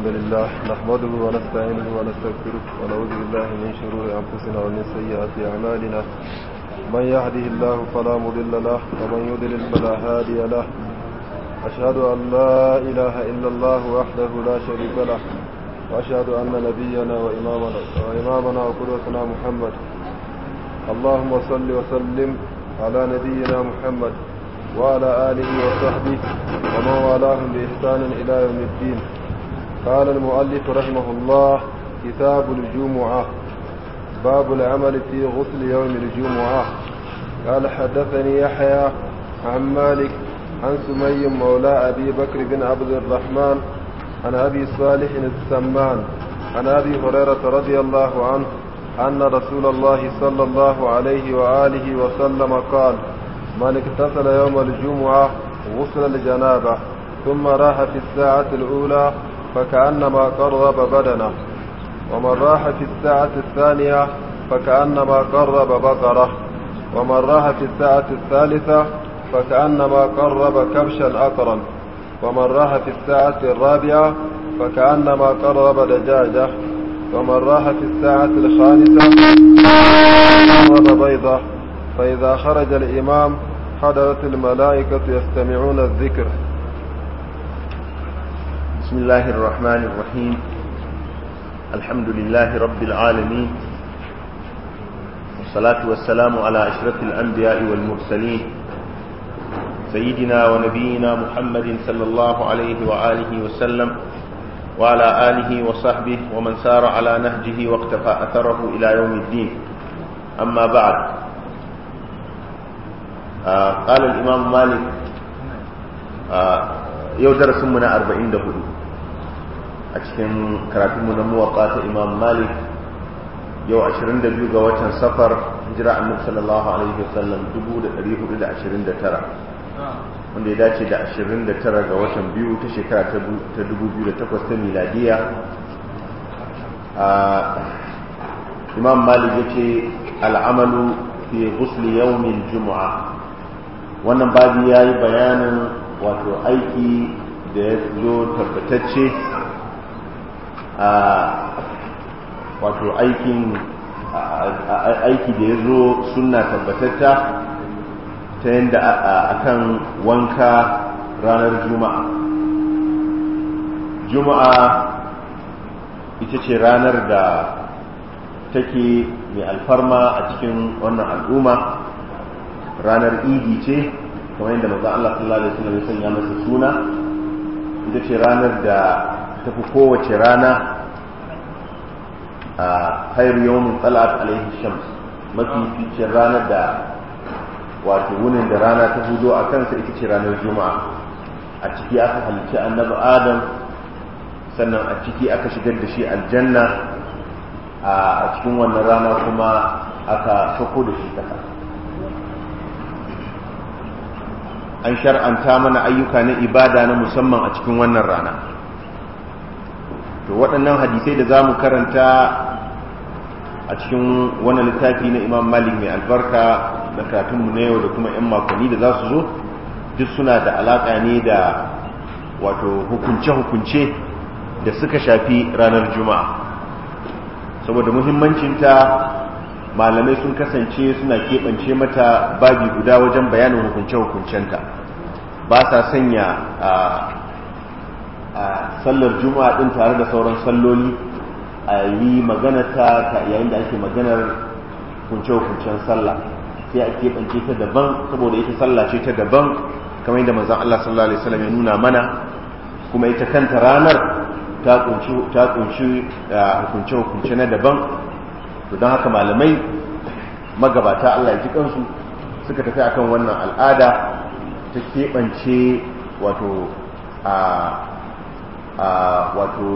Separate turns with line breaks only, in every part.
الحمد لله نحمده ونستعينه ونستغفره ونعوذ بالله من شرور أنفسنا ومن سيئات أعمالنا من يهده الله فلا مضل له ومن يضلل فلا هادي له أشهد أن لا إله إلا الله وحده لا شريك له وأشهد أن نبينا وإمامنا وإمامنا وقدوتنا محمد اللهم صل وسلم على نبينا محمد وعلى آله وصحبه ومن والاهم بإحسان إلى يوم الدين قال المؤلف رحمه الله كتاب الجمعة باب العمل في غسل يوم الجمعة قال حدثني يحيى عن مالك عن سمي مولى أبي بكر بن عبد الرحمن عن أبي صالح السمان عن أبي هريرة رضي الله عنه أن رسول الله صلى الله عليه وآله وسلم قال من اغتسل يوم الجمعة غسل الجنابة ثم راح في الساعة الأولى فكأنما قرب بدنه ومن راح في الساعة الثانية فكأنما قرب بقرة ومن راح في الساعة الثالثة فكأنما قرب كبشا أقرا ومن راح في الساعة الرابعة فكأنما قرب دجاجة ومن راح في الساعة الخامسة قرب بيضة فإذا خرج الإمام حضرت الملائكة يستمعون الذكر بسم الله الرحمن الرحيم الحمد لله رب
العالمين والصلاة والسلام على أشرف الأنبياء والمرسلين سيدنا ونبينا محمد صلى الله عليه وآله وسلم وعلى آله وصحبه ومن سار على نهجه واقتفى أثره إلى يوم الدين أما بعد آه قال الإمام مالك آه يو درس من أربعين دهولي a cikin karatunmu na muwaƙa ta imam malik yau 22 ga watan safar hijira annabi sallallahu alaihi wasallam 1429 wanda ya dace da 29 ga watan biyu ta shekara ta 2008 ta miladiya imam malik ya ce al'amalu fi ghusli yawmin juma'a wannan babu ya yi bayanin wato aiki da ya zo tabbatacce wato aikin aiki da ya zo suna tabbatatta ta yadda a kan wanka ranar juma'a juma'a ita ce ranar da take mai alfarma a cikin wannan al'umma ranar idi ce kamar yadda maza Allah sallallahu alaihi wasallam ya sanya masa suna ita ce ranar da tafi kowace rana a hayar yawon tsalat alaihi shams mafi fice ranar da wato wunin da rana ta hudo a kansa ita ce ranar juma'a a ciki aka halici annabi adam sannan a ciki aka shigar da shi aljanna a cikin wannan rana kuma aka sako da shi kasa an shar'anta mana ayyuka na ibada na musamman a cikin wannan rana to waɗannan hadisai da za mu karanta a cikin wannan littafi na imam malik mai albarka da karatunmu na yau da kuma 'yan makonni da za su zo duk suna da alaƙa ne da wato hukunce-hukunce da suka shafi ranar juma'a saboda muhimmancinta malamai sun kasance suna keɓance mata babi guda wajen bayanin hukunce-hukuncenta ba sa sanya ah, a sallar juma'a din tare da sauran salloli a yi magana ta yayin da ake maganar kunce-kuncen sallah sai a keɓance ta daban saboda ita sallah ce ta daban kamar yadda mazan Allah sallallahu alaihi wasallam ya nuna mana kuma ita kanta ranar ta kunci kunce hukunce na daban to don haka malamai magabata Allah ya ji kansu suka tafi akan wannan al'ada ta keɓance wato a wato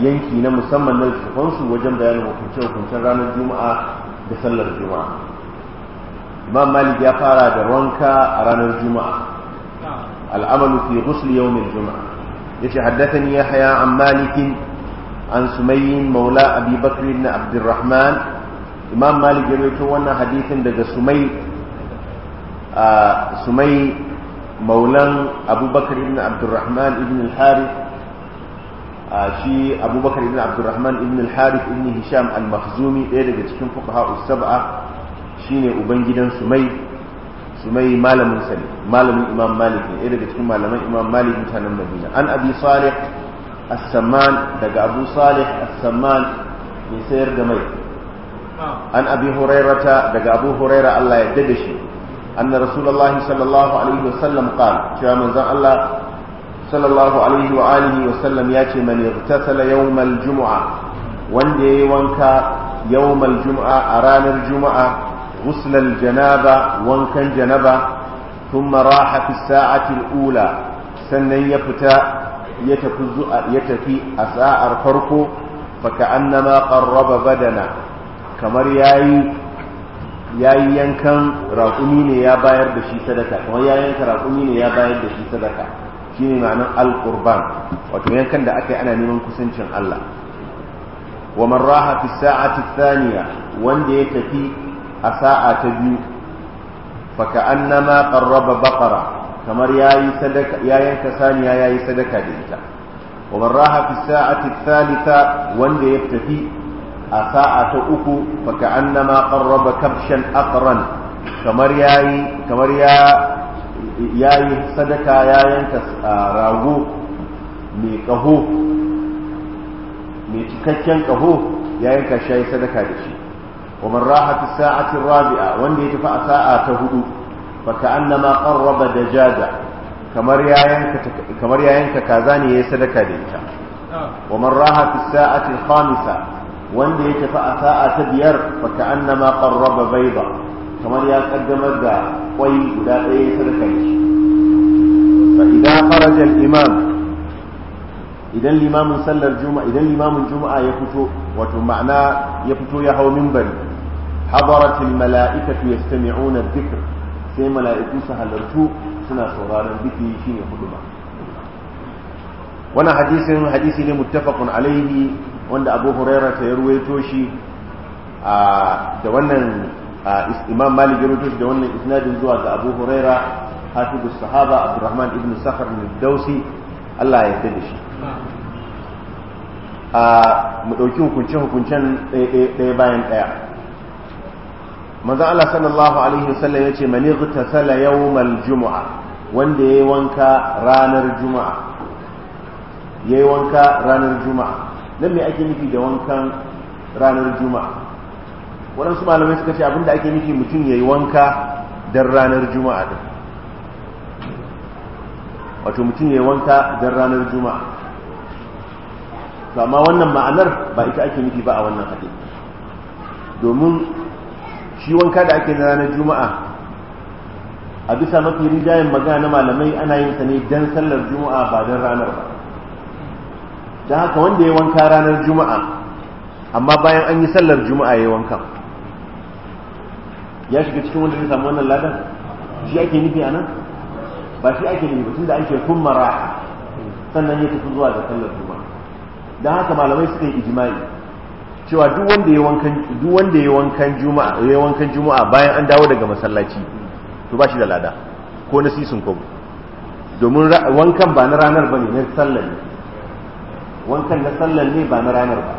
yanki na musamman na littafansu wajen bayanin hukunce-hukuncen ranar juma'a da sallar juma'a imam malik ya fara da wanka a ranar juma'a al'amalu fi ghusl yawmin juma'a yace haddathani yahya an malikin an sumayyin maula abi bakr abdurrahman imam malik ya rawaito wannan hadithin daga sumai sumai maulan abubakar ibn abdurrahman ibn al-harith shi abubakar ibn abdurrahman ibn al-harith ibn hisham al-makhzumi ɗaya daga cikin fuqaha sab'a shine uban gidan sumai sumai malamin sani malamin imam malik ne ɗaya daga cikin iman-malamin imam malik mutanen madina an abi salih as-samman daga abu salih as-samman mai sayar da mai an abi hurairata daga abu huraira Allah ya dade shi أن رسول الله صلى الله عليه وسلم قال شو من زن الله صلى الله عليه وآله وسلم ياتي من اغتسل يوم الجمعة وان دي وانكا يوم الجمعة أران الجمعة غسل الجنابة وانكا جنبة ثم راح في الساعة الأولى سنة يفتى يتفي أساء الفرق فكأنما قرب بدنا كمر ياي ya yi yankan raƙumi ne ya bayar da shi sadaka kuma ya yanka raƙumi ne ya bayar da shi sadaka shine ne ma'anar al-qurban wato yankan da aka yi ana neman kusancin Allah wa man raha fi sa'ati thaniya wanda ya tafi a sa'a ta biyu fa ka'annama qarraba baqara kamar yayi sadaka ya yanka saniya yayi sadaka da ita wa man raha fi sa'ati thalitha wanda ya tafi a sa'a ta uku baka annama qarraba kabshan aqran kamar yayi kamar ya yayi sadaka ya yanka rago mai kaho mai cikakken kaho ya yanka shi yayi sadaka da shi wa man rahatu sa'ati rabi'a wanda ya tafi a sa'a ta hudu baka annama qarraba dajaja kamar ya yanka kamar ya yanka kaza ne yayi sadaka da ita ah. wa man raha fi sa'ati al-khamisa wanda ya tafi a sa'a ta biyar fa ka'annama bai ba kamar ya kaddamar da kwai guda ɗaya ya sadaka shi idan farajar imam idan limamin sallar juma'a idan limamin juma'a ya fito wato ma'ana ya fito ya hau minbari hadarat malaikatu yastami'una adh-dhikr sai mala'iku su halartu suna sauraron biki shine huduma wannan hadisin hadisi ne muttafaqun alaihi wanda abu huraira ta ya ruwaito shi da wannan imam malik ya ruwaito da wannan isnadin zuwa ga abu huraira hafizu sahaba abdurrahman ibn safar bin dausi Allah ya yarda da shi mu ɗauki hukunce hukuncen ɗaya bayan ɗaya Manzan Allah sallallahu alaihi wasallam ya ce mani zuta, yau mal Juma'a wanda ya yi wanka ranar juma'a Ya yi wanka ranar juma'a nan me ake nufi da wankan ranar juma'a waɗansu malamai suka ce abinda ake nufi mutum ya yi wanka don ranar juma'a din wato mutum ya yi wanka don ranar juma'a to amma wannan ma'anar ba ita ake nufi ba a wannan haɗe domin shi wanka da ake na ranar juma'a a bisa mafi rijayen magana na malamai ana yin sa ne don sallar juma'a ba don ranar ba don haka wanda ya wanka ranar juma'a amma bayan an yi sallar juma'a ya wanka ya shiga cikin wanda ya samu wannan ladan shi ake nufi a nan ba shi ake nufi tun da ake kun mara sannan ya tafi zuwa da sallar juma'a don haka malamai suka yi ijimai cewa duk wanda ya wankan duk wanda ya wankan juma'a ya wankan juma'a bayan an dawo daga masallaci to ba shi da lada ko na sisin kobo domin wankan ba na ranar bane na sallar ne wankan na sallar ne ba na ranar ba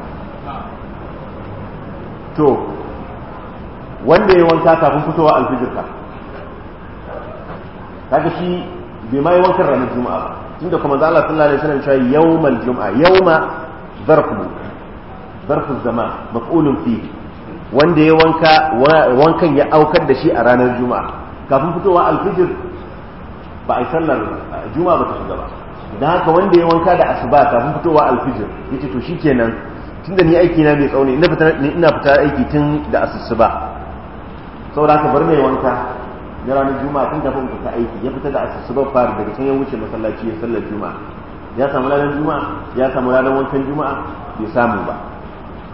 to wanda ya wanka kafin fitowa alfijirka, ka kaga shi bai ma yi wankan ranar juma'a ba tunda kuma zala sallallahu alaihi wasallam cewa yawmal juma'a yawma zarfu zarfu zama maf'ulun fi wanda ya wanka wankan ya aukar da shi a ranar juma'a kafin fitowa alfijir ba a sallar juma'a ba ta shiga ba don haka wanda ya wanka da asuba kafin fitowa alfijir ya ce to shi kenan tunda ni aiki na mai tsauni ina fita aiki tun da asusuba saboda haka bar mai wanka na ranar juma'a tun kafin fita aiki ya fita da asusuba fara daga can ya wuce masallaci ya sallar juma'a ya samu ranar juma'a ya samu ranar wankan juma'a bai samu ba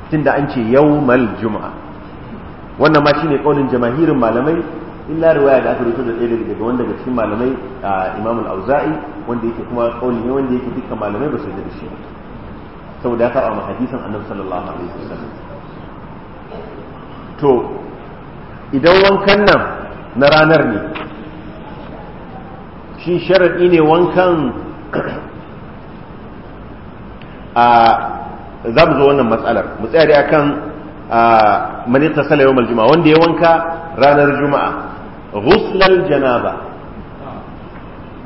tunda an ce mal juma'a wannan ma shine kaulin jamahirin malamai illa riwaya da aka rubuta da ɗaya daga wanda daga cikin malamai imam al-auza'i wanda yake kuma kauli ne wanda yake dukkan malamai ba su yarda da shi saboda ya karɓa ma hadisan annabi sallallahu alaihi wasallam to idan wankan nan na ranar ne shi sharaɗi ne wankan a za mu zo wannan matsalar mu tsaya akan man ittasala yawmal maljuma wanda ya wanka ranar juma'a ghuslal janaba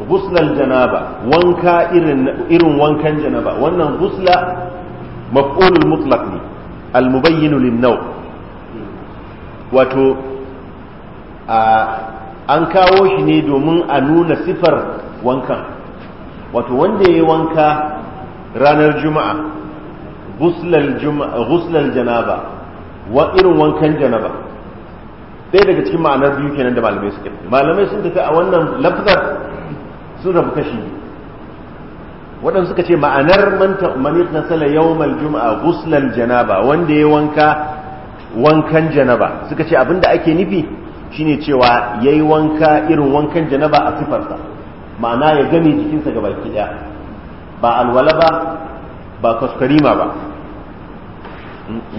ghuslal janaba wanka irin wankan janaba wannan ghusla maf'ulul mutlaq ne al mubayyinu lin naw wato an kawo shi ne domin a nuna sifar wankan wato wanda ya yi wanka ranar juma'a guslal janaba wa irin wankan janaba ɗaya daga cikin ma'anar biyu kenan da malamai suka malamai sun tafi a wannan lafzar sun rabu kashi waɗanda suka ce ma'anar manit na sala yawmal juma'a guslan janaba wanda ya wanka wankan janaba suka ce abinda ake nufi shine cewa ya yi wanka irin wankan janaba a sifarsa ma'ana ya gani jikinsa ga baki ɗaya ba alwala ba ba kaskarima ba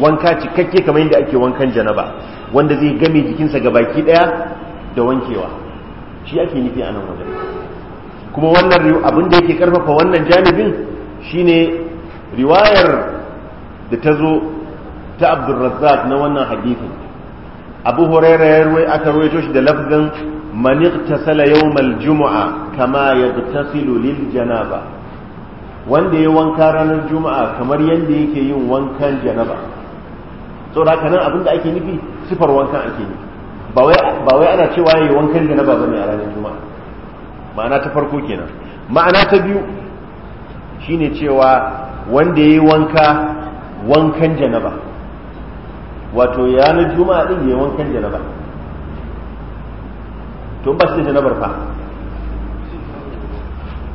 wanka cikakke kamar yadda ake wankan janaba wanda zai game jikinsa ga baki daya da wankewa shi ake nufi a nan wajen kuma wannan abin da yake karfafa wannan janibin shine riwayar da ta zo ta abdurrazzak na wannan hadithin abu huraira ya ruwai aka ruwaito shi da lafzin man yau mal juma'a kama yaghtasilu lil janaba wanda ya wanka ranar juma'a kamar yadda yake yin wankan janaba saboda haka nan abinda ake nufi sifar wankan ake nufi ba wai ana cewa yayi wankan da na baba ne a ranar juma'a ma'ana ta farko kenan ma'ana ta biyu shine cewa wanda yayi wanka wankan janaba wato yanar juma'a din yayi wankan janaba to ba shi janabar fa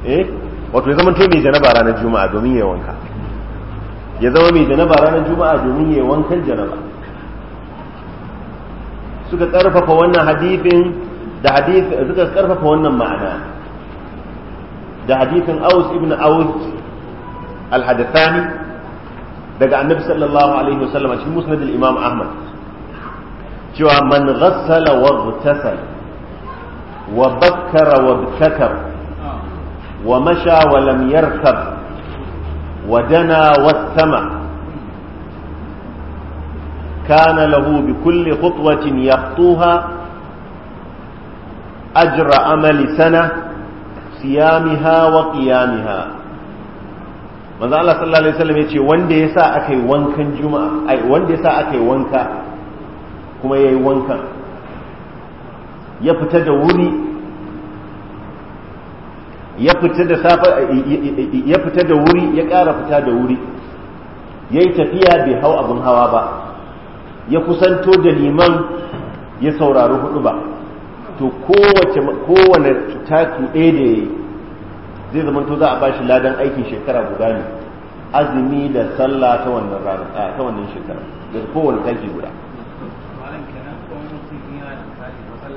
eh wato ya zama to mai janaba ranar juma'a domin yayi wanka ya zama mai janaba ranar juma'a domin ya wankan janaba suka karfafa wannan hadifin da hadith suka karfafa wannan ma'ana da hadifin aus ibn aus al-hadathani daga annabi sallallahu alaihi wasallam cikin musnad al-imam ahmad cewa man ghassala wa ghtasala wa bakkara wa ibtakara wa masha wa lam yarkab ودنا والسمع كان له بكل خطوة يخطوها أجر أمل سنة صيامها وقيامها manzo Allah sallallahu alaihi wasallam yace wanda yasa akai wankan juma'a ai wanda yasa akai wanka kuma yayi wankan ya fita da wuri ya fita da safa ya fita da wuri ya ƙara fita da wuri yayi tafiya bai hau abin hawa ba ya kusanto da liman ya saurari hudu ba to kowace kowane taki ɗaya da yayi zai zama to za a bashi ladan aikin shekara guda ne azumi da sallah ta wannan shekara da kowane taki guda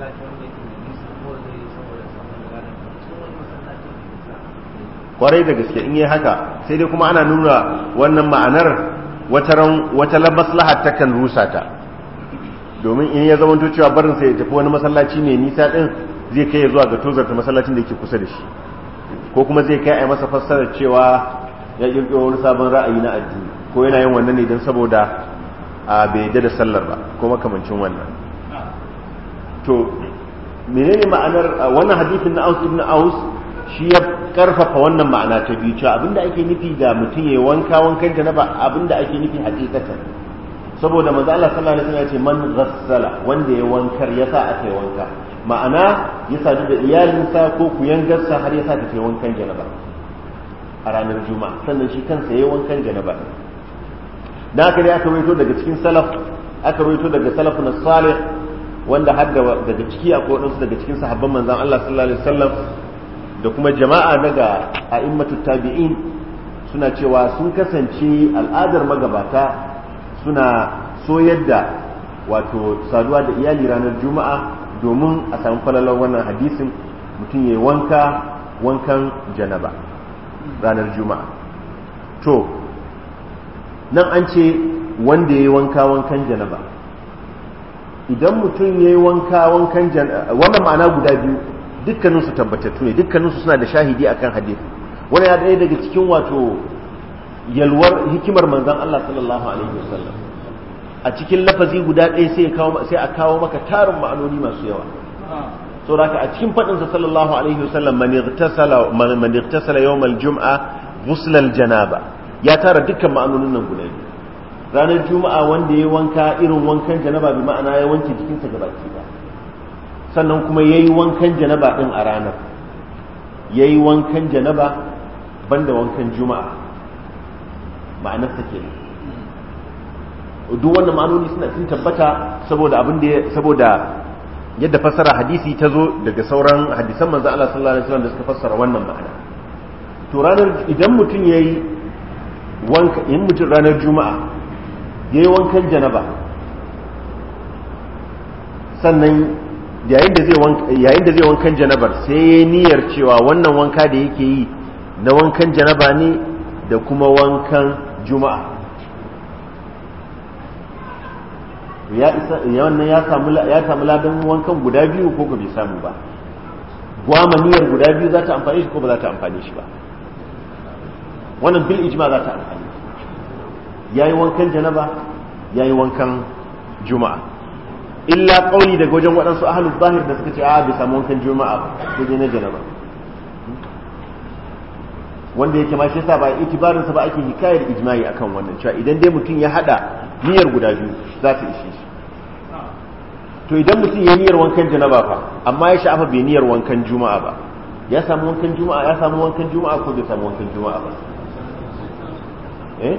da kwarai da gaske in yi haka sai dai kuma ana nuna wannan ma'anar wata maslaha takan rusa ta domin in ya zama cewa barin sai ya tafi wani masallaci mai nisa din zai kai zuwa ga tozarta masallacin da yake kusa da shi ko kuma zai kai a masa fassarar cewa ya kirkiro wani sabon ra'ayi na addini ko yana yin wannan ne don saboda a bai da sallar ba ko makamancin wannan to menene ma'anar wannan hadithin na Aus ibn Aus shi ya karfafa wannan ma'ana ta biyu cewa abinda ake nufi ga mutum ya wanka wankan janaba abinda ake nufi hakikatan saboda manzo Allah sallallahu alaihi wasallam ya ce man ghassala wanda ya wankar ya sa aka wanka ma'ana ya sadu da iyalinsa ko kuyangarsa har ya sa ta wankan janaba a ranar juma'a sannan shi kansa ya wankan janaba da aka ne aka waito daga cikin salaf aka waito daga salafun salih wanda har daga ciki a kodinsu daga cikin sahabban manzan Allah sallallahu alaihi wasallam da kuma jama'a daga a'immatu tabi'in suna cewa sun kasance al'adar magabata suna so yadda wato saduwa da iyali ranar juma'a domin a samu falalar wannan hadisin mutum ya wanka wankan janaba ranar juma'a to nan an ce wanda ya yi wanka wankan janaba idan mutum ya yi wanka wankan janaba wannan ma'ana guda biyu dukkaninsu tabbatattu ne dukkaninsu suna da shahidi akan hadisi wani ya daya daga cikin wato yalwar hikimar manzon Allah sallallahu alaihi wasallam a cikin lafazi guda ɗaya sai kawo sai a kawo maka tarin ma'anoni masu yawa saboda a cikin faɗin sa sallallahu alaihi wasallam man igtasala man igtasala yawm al-jum'a ghusl al-janaba ya tara dukkan ma'anonin nan guda biyu ranar juma'a wanda ya wanka irin wankan janaba bi ma'ana ya wanke jikinsa gaba ba sannan kuma ya yi wankan janaba ɗin a ranar ya yi wankan janaba banda wankan juma'a ma'anar ta ke duk wannan ma'anoni suna sun tabbata saboda abin da saboda yadda fassara hadisi ta zo daga sauran hadisan manzo Allah sallallahu alaihi wasallam da suka fassara wannan ma'ana to ranar idan mutum yayi wanka in mutum ranar juma'a yayi wankan janaba sannan yayin da zai wankan janabar sai ya niyyar cewa wannan wanka da yake yi na wankan janaba ne da kuma wankan juma'a wannan ya samu ladan wankan guda biyu ko bai samu ba gwama niyyar guda biyu za ta amfani shi ko ba za ta amfani shi ba wannan bil ijma za ta amfani ya yi wankan janaba ya yi wankan juma'a illa kauli daga wajen waɗansu ahlul zahir da suka ce a ah, bai samu wankan juma'a dai na janaba wanda yake ma shi yasa ba sa ba ake hikayar ijma'i akan wannan cewa idan dai mutum ya hada niyyar guda biyu za ta ishe shi to idan mutum ya niyyar wankan janaba fa amma ya sha'afa bai niyyar wankan juma'a ba ya samu wankan juma'a ya samu wankan juma'a ko bai samu wankan juma'a ba eh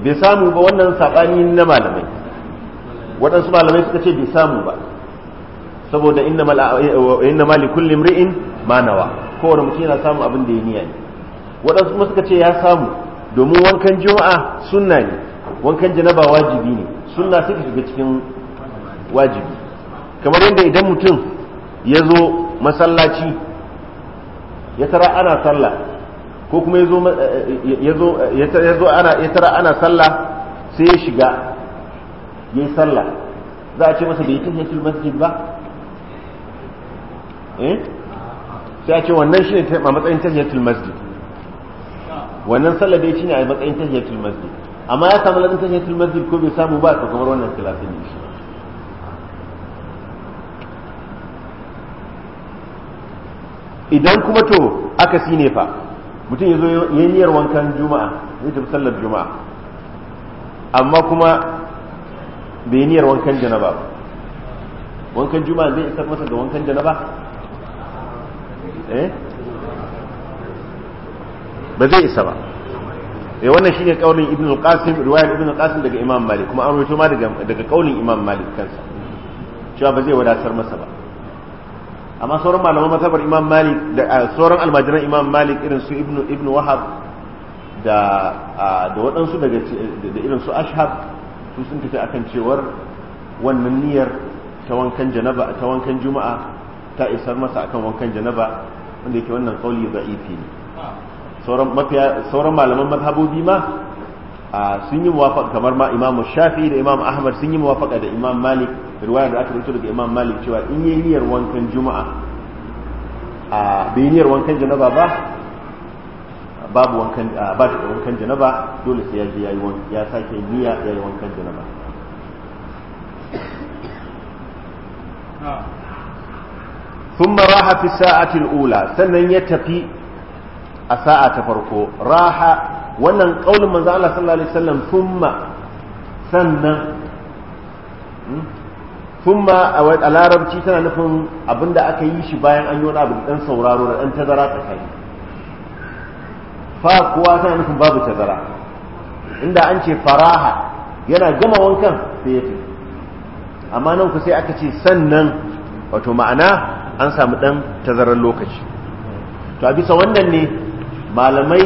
bai samu ba eh, wannan sabani na malamai waɗansu malamai suka ce bai samu ba saboda inna mali li kulli imri'in ma kowane mutum yana samu abin da ya niyya ne waɗansu kuma suka ce ya samu domin wankan juma'a sunna ne wankan janaba wajibi ne sunna suka shiga cikin wajibi kamar yadda idan mutum ya zo masallaci ya tara ana sallah ko kuma ya zo ana sallah sai ya shiga yi sallah za a ce masa bai tahiyatul masjid ba eh sai a ce wannan shine a matsayin tahiyatul masjid wannan sallah dai shine a matsayin tahiyatul masjid amma ya samu ladan tahiyatul masjid ko bai samu ba to kamar wannan kilafin ne shi idan kuma to aka sine fa mutum ya zo yayin niyyar wankan juma'a zai tafi sallar juma'a amma kuma bai niyyar wankan janaba ba wankan juma zai isar masa da wankan janaba eh ba zai isa ba eh wannan shine kaulin ibn al-qasim riwayar ibn al-qasim daga imam malik kuma an rawaito ma daga daga kaulin imam malik kansa cewa ba zai wadatar masa ba amma sauran malaman mazhabar imam malik da sauran almajiran imam malik irin su ibn ibn wahab da da waɗansu daga da irin su ashab su sun tafi akan cewar wannan niyyar ta wankan janaba ta wankan juma'a ta isar masa akan wankan janaba wanda yake wannan kauli da'ifi ne sauran mafiya sauran malaman mazhabobi ma sun yi muwafaqa kamar ma Imam Shafi da Imam Ahmad sun yi muwafaqa da Imam Malik riwaya da aka rubuta daga Imam Malik cewa in yi niyyar wankan juma'a a bai niyyar wankan janaba ba babu wankan ah, ba da wankan janaba dole sai ya je ya yi ya sake niyya ya yi wankan janaba ثم راح في الساعة الأولى سنن يتفي الساعة تفرقو راح wannan kaulin manzo Allah sallallahu alaihi sannan hmm? thumma a larabci tana nufin abinda aka yi shi bayan an yi wani abu da sauraro da ɗan tazara tsakani fa kuwa tana nufin babu tazara inda an ce faraha yana gama wankan sai ya tafi amma nan ku sai aka ce sannan wato ma'ana an samu dan tazarar lokaci to a bisa wannan ne malamai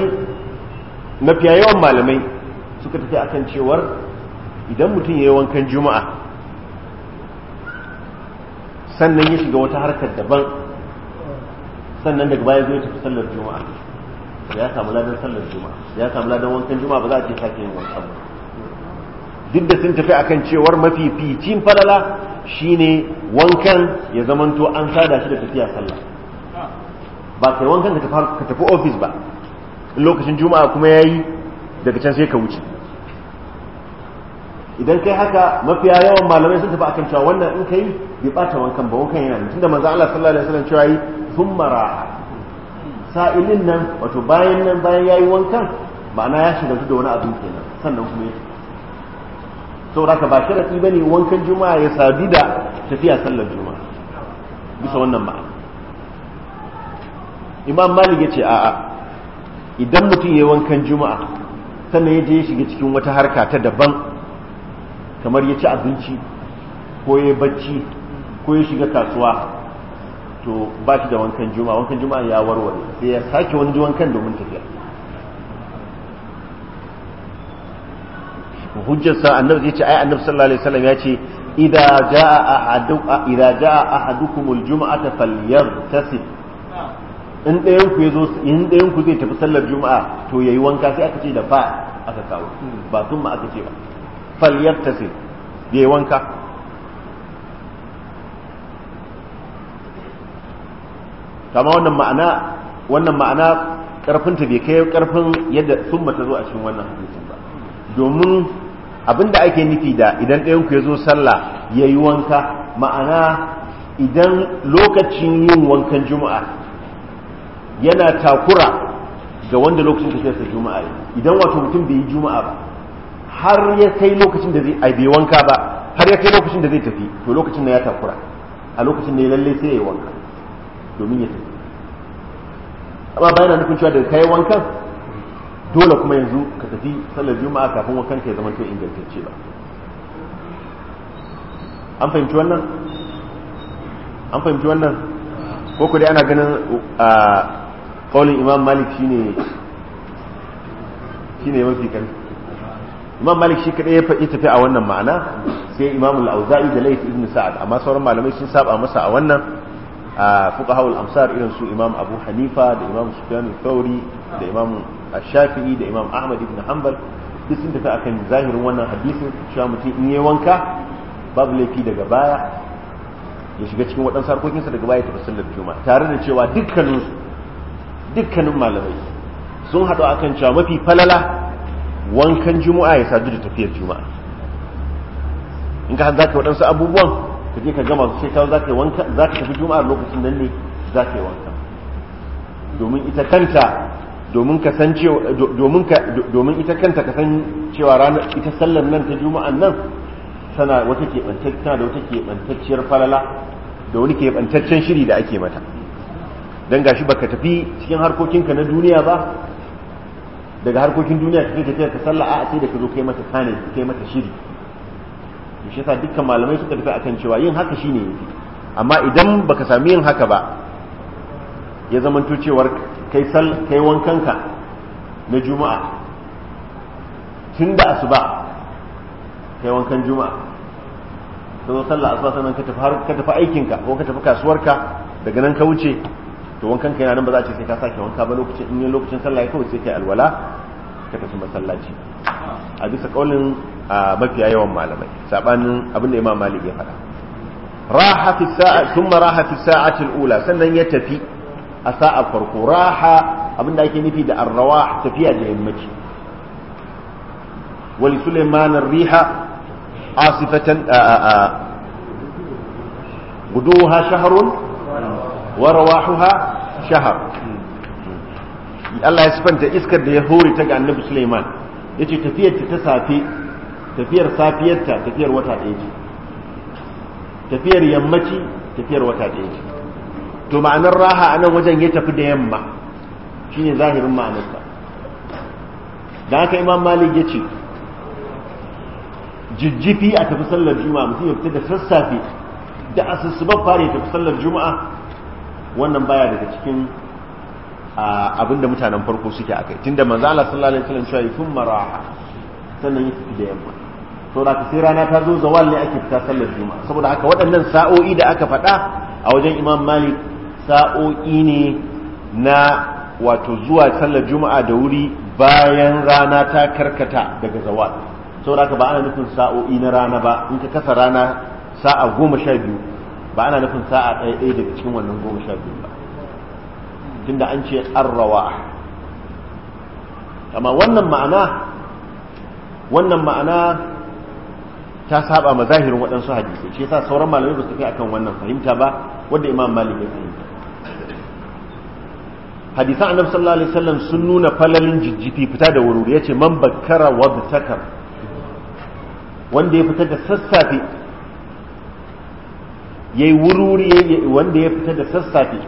mafiya yawan malamai suka tafi akan cewar idan mutum ya yi wankan juma'a sannan ya shiga wata harkar daban sannan daga baya zai tafi sallar juma'a ya samu ladan sallar juma'a ya samu ladan wankan juma'a ba za a ce sake yin wankan ba duk da sun tafi akan cewar ficin falala shine wankan ya zamanto an sada shi da tafiya sallah ba kai wankan ka tafi ofis ba lokacin juma'a kuma yayi daga can sai ka wuce idan kai haka mafiya yawan malamai sun tafi akan cewa wannan in kai bai bata wankan ba wankan yana tunda manzo Allah sallallahu alaihi wasallam cewa yi thumma ra'a sa'ilin nan wato bayan nan bayan yayi wankan ma'ana ya shiga da wani abin kenan sannan kuma ya saboda ka ba ba ne wankan juma'a ya sadu da tafiya sallar juma'a bisa wannan ma'ana imam malik ya ce a'a idan mutum ya wankan juma'a sannan ya je ya shiga cikin wata harka ta daban kamar ya ci abinci ko ya bacci ko ya shiga kasuwa to ba shi da wankan juma'a wankan juma'a ya warware sai ya sake wani wankan domin tafiya hujjarsa annabi zai ce ai annabi sallallahu alaihi wasallam ya ce idza jaa ahadu idza jaa ahadukum aljum'ata falyaghtasil in ɗayan ku yazo in ɗayan ku zai tafi sallar juma'a to yayi wanka sai aka ce da ba aka kawo ba sun ma aka ce ba falyaghtasil yayi wanka kama wannan ma'ana wannan ma'ana ta bai kai karfin yadda sun ta zo a cikin wannan hadisin ba domin abinda ake nufi da idan ɗayan ku ya zo sallah ya yi wanka ma'ana idan lokacin yin wankan juma'a yana takura ga wanda lokacin tafiyarsa juma'a idan wato mutum bai yi juma'a ba har ya kai lokacin da zai ai bai wanka ba har ya kai lokacin da zai tafi to lokacin na ya takura a lokacin da ya lalle sai ya yi wanka domin ya tafi amma bayan nufin cewa da kayan wankan dole kuma yanzu ka tafi sallar juma'a kafin wankan ka ya zama to ingantacce ba an fahimci wannan an ko ku ana ganin a kaulin imam malik shine shine mafi kan imam malik shi kadai ya faɗi tafi a wannan ma'ana sai imam al-auza'i da laifin ibn sa'ad amma sauran malamai sun saba masa a wannan a fuqahaul amsar irin su imam abu hanifa da imam sufyan al-thawri da imam shafi'i da imam ahmad ibn hanbal duk sun tafi akan zahirin wannan hadisin cewa mutum in yi wanka babu laifi daga baya ya shiga cikin waɗansu harkokinsa daga baya tafi sallar juma'a tare da cewa dukkaninsu dukkanin malamai sun haɗu akan cewa mafi falala wankan juma'a ya sadu da tafiyar juma'a in ka za ka waɗansu abubuwan ka je ka gama sai ka za ka wanka za ka tafi juma'a lokacin nan ne za ka yi wanka domin ita kanta domin ka san cewa domin ka domin ita kanta ka san cewa ranar ita sallar nan ta juma'an nan tana wata keɓantacciyar da wata keɓantacciyar falala da wani keɓantaccen shiri da ake mata dan gashi baka tafi cikin harkokinka na duniya ba daga harkokin duniya ka je ka ka sallah a sai da ka zo kai mata kane kai mata shiri to shi yasa dukkan malamai suka tafi akan cewa yin haka shine yafi amma idan baka sami yin haka ba ya zamanto cewar kai sal kai wankanka na juma'a tun da asuba kai wankan juma'a ka zo sallah asuba sannan ka tafi har ka tafi ka ko ka tafi kasuwarka daga nan ka wuce to wankan kai nan ba za a ce sai ka sake wanka ba lokacin in lokacin sallah ya kawai sai kai alwala ka tafi masallaci a bisa kaulin a mafiya yawan malamai sabanin abin da imam malik ya faɗa raha fi sa'a thumma raha fi sa'ati al-ula sannan ya tafi a sa'a farko raha abin da ake nufi da arrawah tafiya da yammaci wali sulaiman ar-riha asifatan guduha shahrun wa rawahuha shahr Allah ya sifanta iskar da ya hore ta ga annabi Sulaiman yace tafiyar ta safe tafiyar safiyarta tafiyar wata ɗaya ce tafiyar yammaci tafiyar wata ɗaya ce to ma'anar raha a nan wajen ya tafi da yamma shine zahirin ma'anarsa da haka imam malik ya ce jijjifi a tafi sallar juma'a mutum ya fita da sassafe da asusuban fara ya tafi sallar juma'a wannan baya daga cikin abin da mutanen farko suke a kai. tunda da Allah sallallahu alaihi wasallam cewa yufin mara sannan ya tafi da yamma saboda ka sai rana ta zo zawal ne ake fita sallar juma'a saboda haka waɗannan sa'o'i da aka faɗa a wajen imam malik sa'o'i ne na wato zuwa sallar juma'a da wuri bayan rana ta karkata daga zawal saboda haka ba ana nufin sa'o'i na rana ba in ka kasa rana sa'a goma sha biyu ba ana nufin sa'a ɗaya ɗaya daga cikin wannan goma sha biyu ba tunda an ce arrawa amma wannan ma'ana wannan ma'ana ta saba ma zahirin waɗansu hadisai shi yasa sauran malamai ba su kai akan wannan fahimta ba wanda imam malik ya fahimta hadisan annabi sallallahu alaihi wasallam sun nuna falalin jijjifi fita da wuri yace man bakkara wa bitakar wanda ya fita da sassafe yayi wuri wanda ya fita da sassafe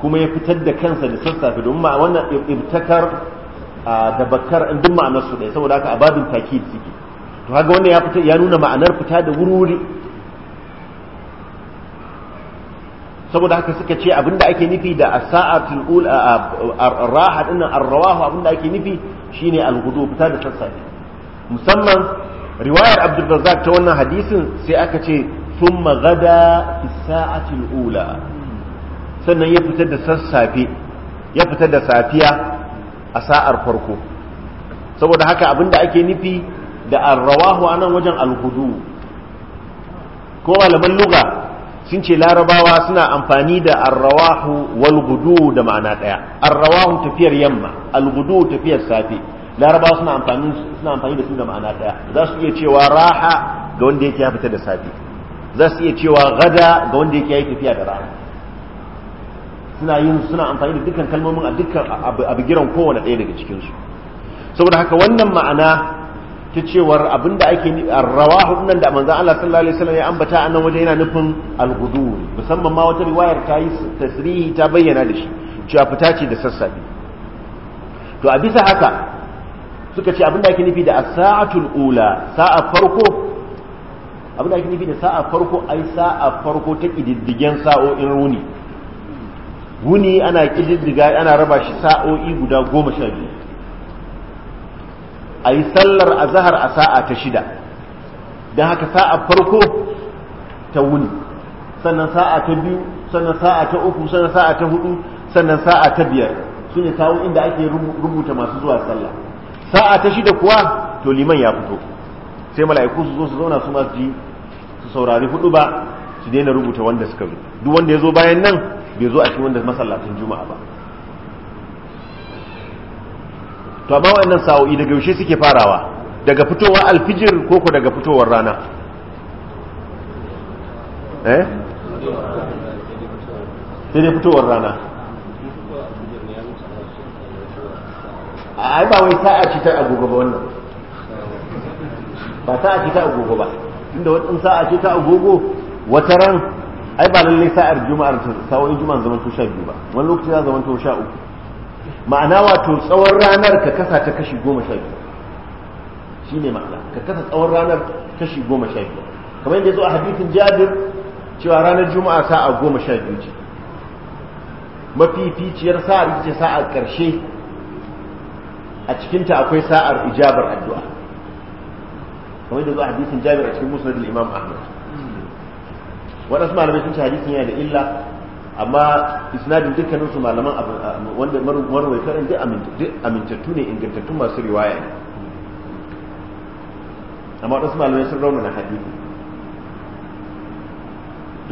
kuma ya fitar da kansa da sassafe domin ma wannan ibtakar da bakkar duk ma'anar su ɗaya saboda haka abadin takid suke to haka wannan ya fita ya nuna ma'anar fita da wuri saboda haka suka ce abinda ake nufi da asa'atul ul raha dinnan arwahu abinda ake nufi shine alhudu fita da sassafe musamman riwayar Abdul Razzaq ta wannan hadisin sai aka ce thumma ghada fi sa'atil ula sannan ya fitar da sassafe ya fitar da safiya a sa'ar farko saboda haka abinda ake nufi da arrawahu anan nan wajen alhudu ko malaman luga sun ce larabawa suna amfani da arrawahu walgudu da ma'ana ɗaya arrawahu tafiyar yamma algudu tafiyar safe larabawa suna amfani da su da ma'ana ɗaya za su iya cewa raha ga wanda yake ya fita da safe za su iya cewa gada ga wanda yake ya yi tafiya da rana suna yin suna amfani da dukkan kalmomin a dukkan abigiran kowane ɗaya daga cikinsu saboda haka wannan ma'ana ta cewar abinda ake rawa hudunan da manzan Allah sallallahu alaihi wasallam ya ambata a nan waje yana nufin al-ghudur musamman ma wata riwayar ta yi tasrihi ta bayyana da shi cewa fita ce da sassafe to a bisa haka suka ce abinda ake nufi da saatul ula sa'a farko abinda ake nufi da sa'a farko ai sa'a farko ta kididdigen sa'o'in runi wuni ana kididdiga ana raba shi sa'o'i guda goma sha biyu a yi sallar a a sa'a ta shida don haka sa'a farko ta wuni sannan sa'a ta biyu sannan sa'a ta uku sannan sa'a ta hudu sannan sa'a ta biyar su ne kawo inda ake rubuta masu zuwa sallah sa'a ta shida kuwa to liman ya fito sai mala'iku su zo su zauna su masu ji su saurari hudu ba su daina rubuta wanda suka zo duk wanda ya zo bayan nan bai zo a cikin wanda masallacin juma'a ba to amma wannan sa'o'i daga yaushe suke farawa daga fitowa alfijir ko ko daga fitowar rana eh sai dai fitowar rana ai ba wai sa'a ce ta agogo ba wannan ba sa'a ce ta agogo ba inda wannan sa'a ce ta agogo wata ran ai ba lallai sa'ar juma'ar sa'o'in juma'ar zaman to sha biyu ba wani lokaci za zaman to sha uku ma'ana wato tsawon ranar ka kasa ta kashi goma sha biyu shi ne ma'ana ka kasa tsawon ranar kashi goma sha biyu kamar yadda ya zo a hadithin jabir cewa ranar juma'a sa'a goma sha biyu ce mafificiyar sa'ar ita ce sa'ar ƙarshe a cikinta akwai sa'ar ijabar addu'a kamar yadda zo a hadisin jabir a cikin musnad imam ahmad waɗansu malamai sun ce hadisin yana da illa amma isnadin dukkanin su malaman wanda marwai karin duk amintattu ne ingantattun masu riwaya ne amma waɗansu malamai sun raunana hadisi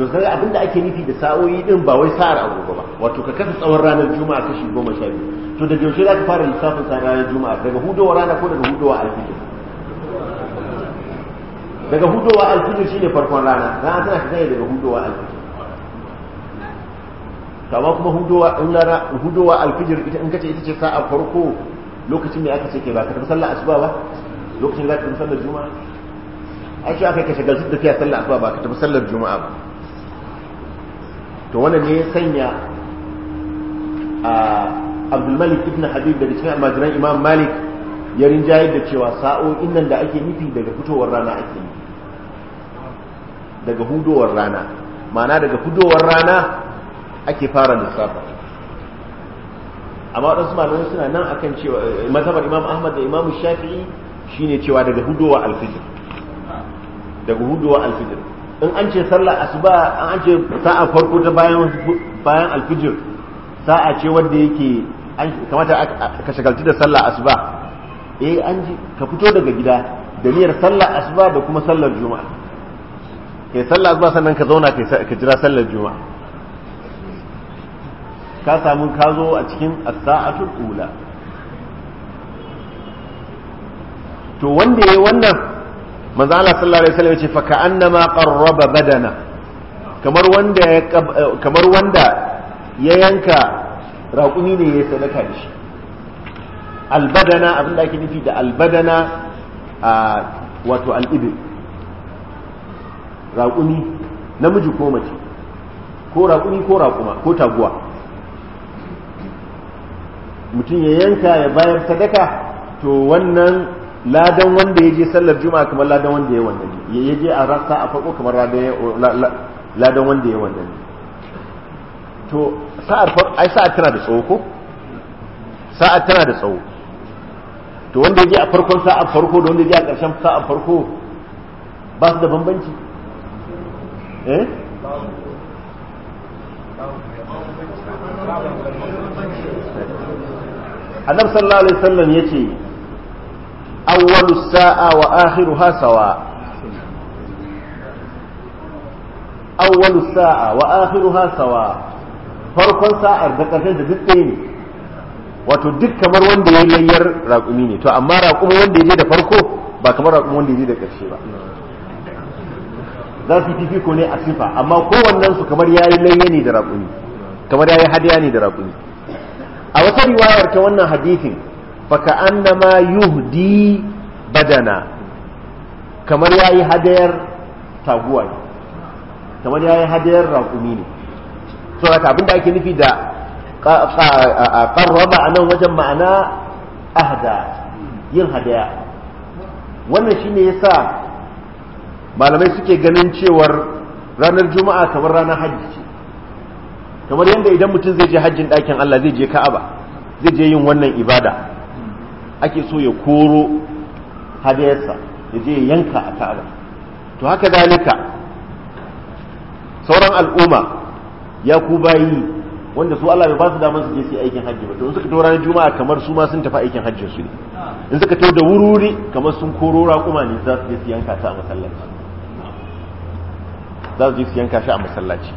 to sai abinda ake nufi da sa'o'i din ba wai sa'ar agogo ba wato ka kasa tsawon ranar juma'a kashi goma sha biyu to da yaushe za ka fara lissafin sa ranar juma'a daga hudowa rana ko daga hudowa alfijir daga hudowa alfijir shine farkon rana rana tana fita daga hudowa alfijir kama kuma hudowa alfijir ita in kace ita ce sa'a farko lokacin da aka ce ke ba ka tafi sallar asuba ba lokacin da ka tafi sallar juma'a ai shi aka kashe gazu da fiya sallar asuba ba ka tafi sallar juma'a ba to wannan ne ya sanya a Abdul Malik ibn Habib da cikin almajiran Imam Malik ya rinjaye da cewa sa'o'in nan da ake nufi daga fitowar rana ake yi daga hudowar rana ma'ana daga hudowar rana ake fara lissafa amma waɗansu malamai suna nan akan cewa eh, mazhabar imam ahmad da imam shafi'i shine cewa daga hudowa alfijir daga hudowa alfijir in an ce sallah asuba an an ce sa'a farko ta bayan bayan alfijir sa'a ce wanda yake kamata ka shagalci da sallah asuba eh an ji ka fito daga gida da niyyar sallah asuba da kuma sallar juma'a kai sallah zuwa sannan ka zauna ka jira sallar juma'a ka samu ka zo a cikin as-sa'atul ula to wanda yayi wannan manzo Allah sallallahu alaihi wasallam ya ce fa ka'annama qarraba badana kamar wanda ya eh, kamar wanda ya yanka raƙumi ne ya sadaka da shi albadana abin da ake nufi da albadana a ah, wato al'ibil raƙumi namiji ko mace ko raƙumi ko raƙuma ko taguwa mutum ya yanka ya bayar sadaka to wannan ladan wanda ya je sallar juma'a kamar ladan wanda ya wanda ne ya je a rasa a farko kamar ladan wanda ya wanda ne to sa'ar ai sa'ar tana da tsawo ko sa'ar tana da tsawo to wanda ya je a farkon sa'ar farko da wanda ya je a ƙarshen sa'ar farko ba su da bambanci Eh? annabi sallallahu alaihi wasallam yace awwalu sa'a wa akhiruha sawa awwalu sa'a wa akhiruha sawa farkon sa'ar da karshen da duk ɗaya ne wato duk kamar wanda ya layyar raƙumi ne to amma raƙumi wanda ya je da farko ba kamar raƙumi wanda ya je da ƙarshe ba za su yi fifiko ne a sifa amma kowannen su kamar yayi lanye ne da raƙumi kamar yayi hadiya ne da raƙumi a wata riwayar ta wannan hadisin ka annama yuhdi badana kamar yayi hadayar taguwa ne kamar yayi hadayar raƙumi ne abin abinda ake nufi da qarraba a nan wajen ma'ana ahda yin hadaya wannan shine yasa malamai suke ganin cewar ranar juma'a kamar ranar hajji ce kamar yadda idan mutum zai je hajjin ɗakin Allah zai je Ka'aba zai je yin wannan ibada ake so ya koro hadayarsa ya je ya yanka a Ka'aba to haka dalika sauran al'umma ya ku bayi wanda su Allah bai ba su damar su je su aikin hajji ba to in suka to ranar juma'a kamar su ma sun tafi aikin hajjin su ne in suka to da wururi kamar sun koro raƙuma ne za su je su yanka ta a masallaci za su je su yanka shi a masallaci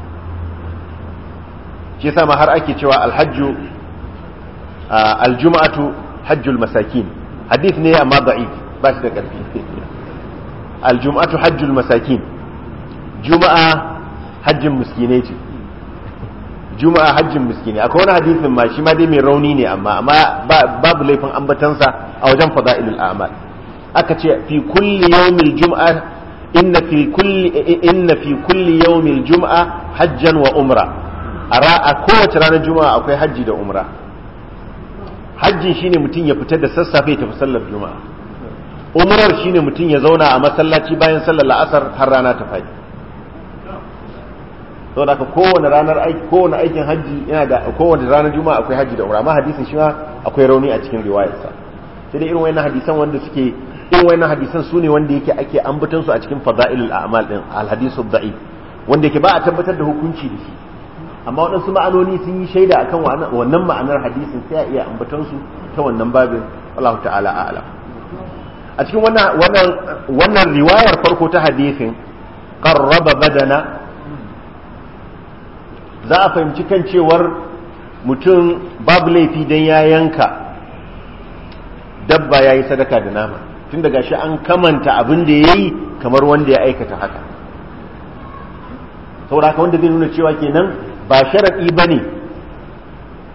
shi yasa har ake cewa alhajju aljumaatu hajjul masakin hadith ne amma ba'id ba shi da ƙarfi. Aljumaatu hajjul masakin juma'a hajjin miskinai ce juma'a hajjin miskini akwai wani hadisin ma shi ma dai mai rauni ne amma amma babu laifin ambatansa a wajen fada'ilul a'mal aka ce fi kulli yawmil jum'a inna fi kulli inna fi kulli yawmil jum'a hajjan wa umra a kowace ranar juma'a akwai hajji da umra hajjin shine mutum ya fita da sassafe ta tafi sallar juma'a umrar shine mutum ya zauna a masallaci bayan sallar la'asar har rana ta fadi saboda haka kowane ranar aiki kowane aikin hajji yana da kowane ranar juma'a akwai hajji da umra amma hadisin shi ma akwai rauni a cikin riwayarsa sai dai irin wayannan hadisan wanda suke irin wayannan hadisan sune wanda yake ake ambaton su a cikin fadailul a'mal din alhadisu da'if wanda yake ba a tabbatar da hukunci da shi amma waɗansu ma'anoni sun yi shaida akan wannan ma'anar hadisin sai a iya ambaton su ta wannan babin Allah ta'ala a'ala a cikin wannan wannan wannan riwayar farko ta hadisin qarraba badana za a fahimci kan cewar mutum babu laifi dan ya yanka dabba ya yi sadaka da nama tun daga shi an kamanta abin da ya yi kamar wanda ya aikata haka saboda haka wanda zai nuna cewa kenan ba sharaɗi ba ne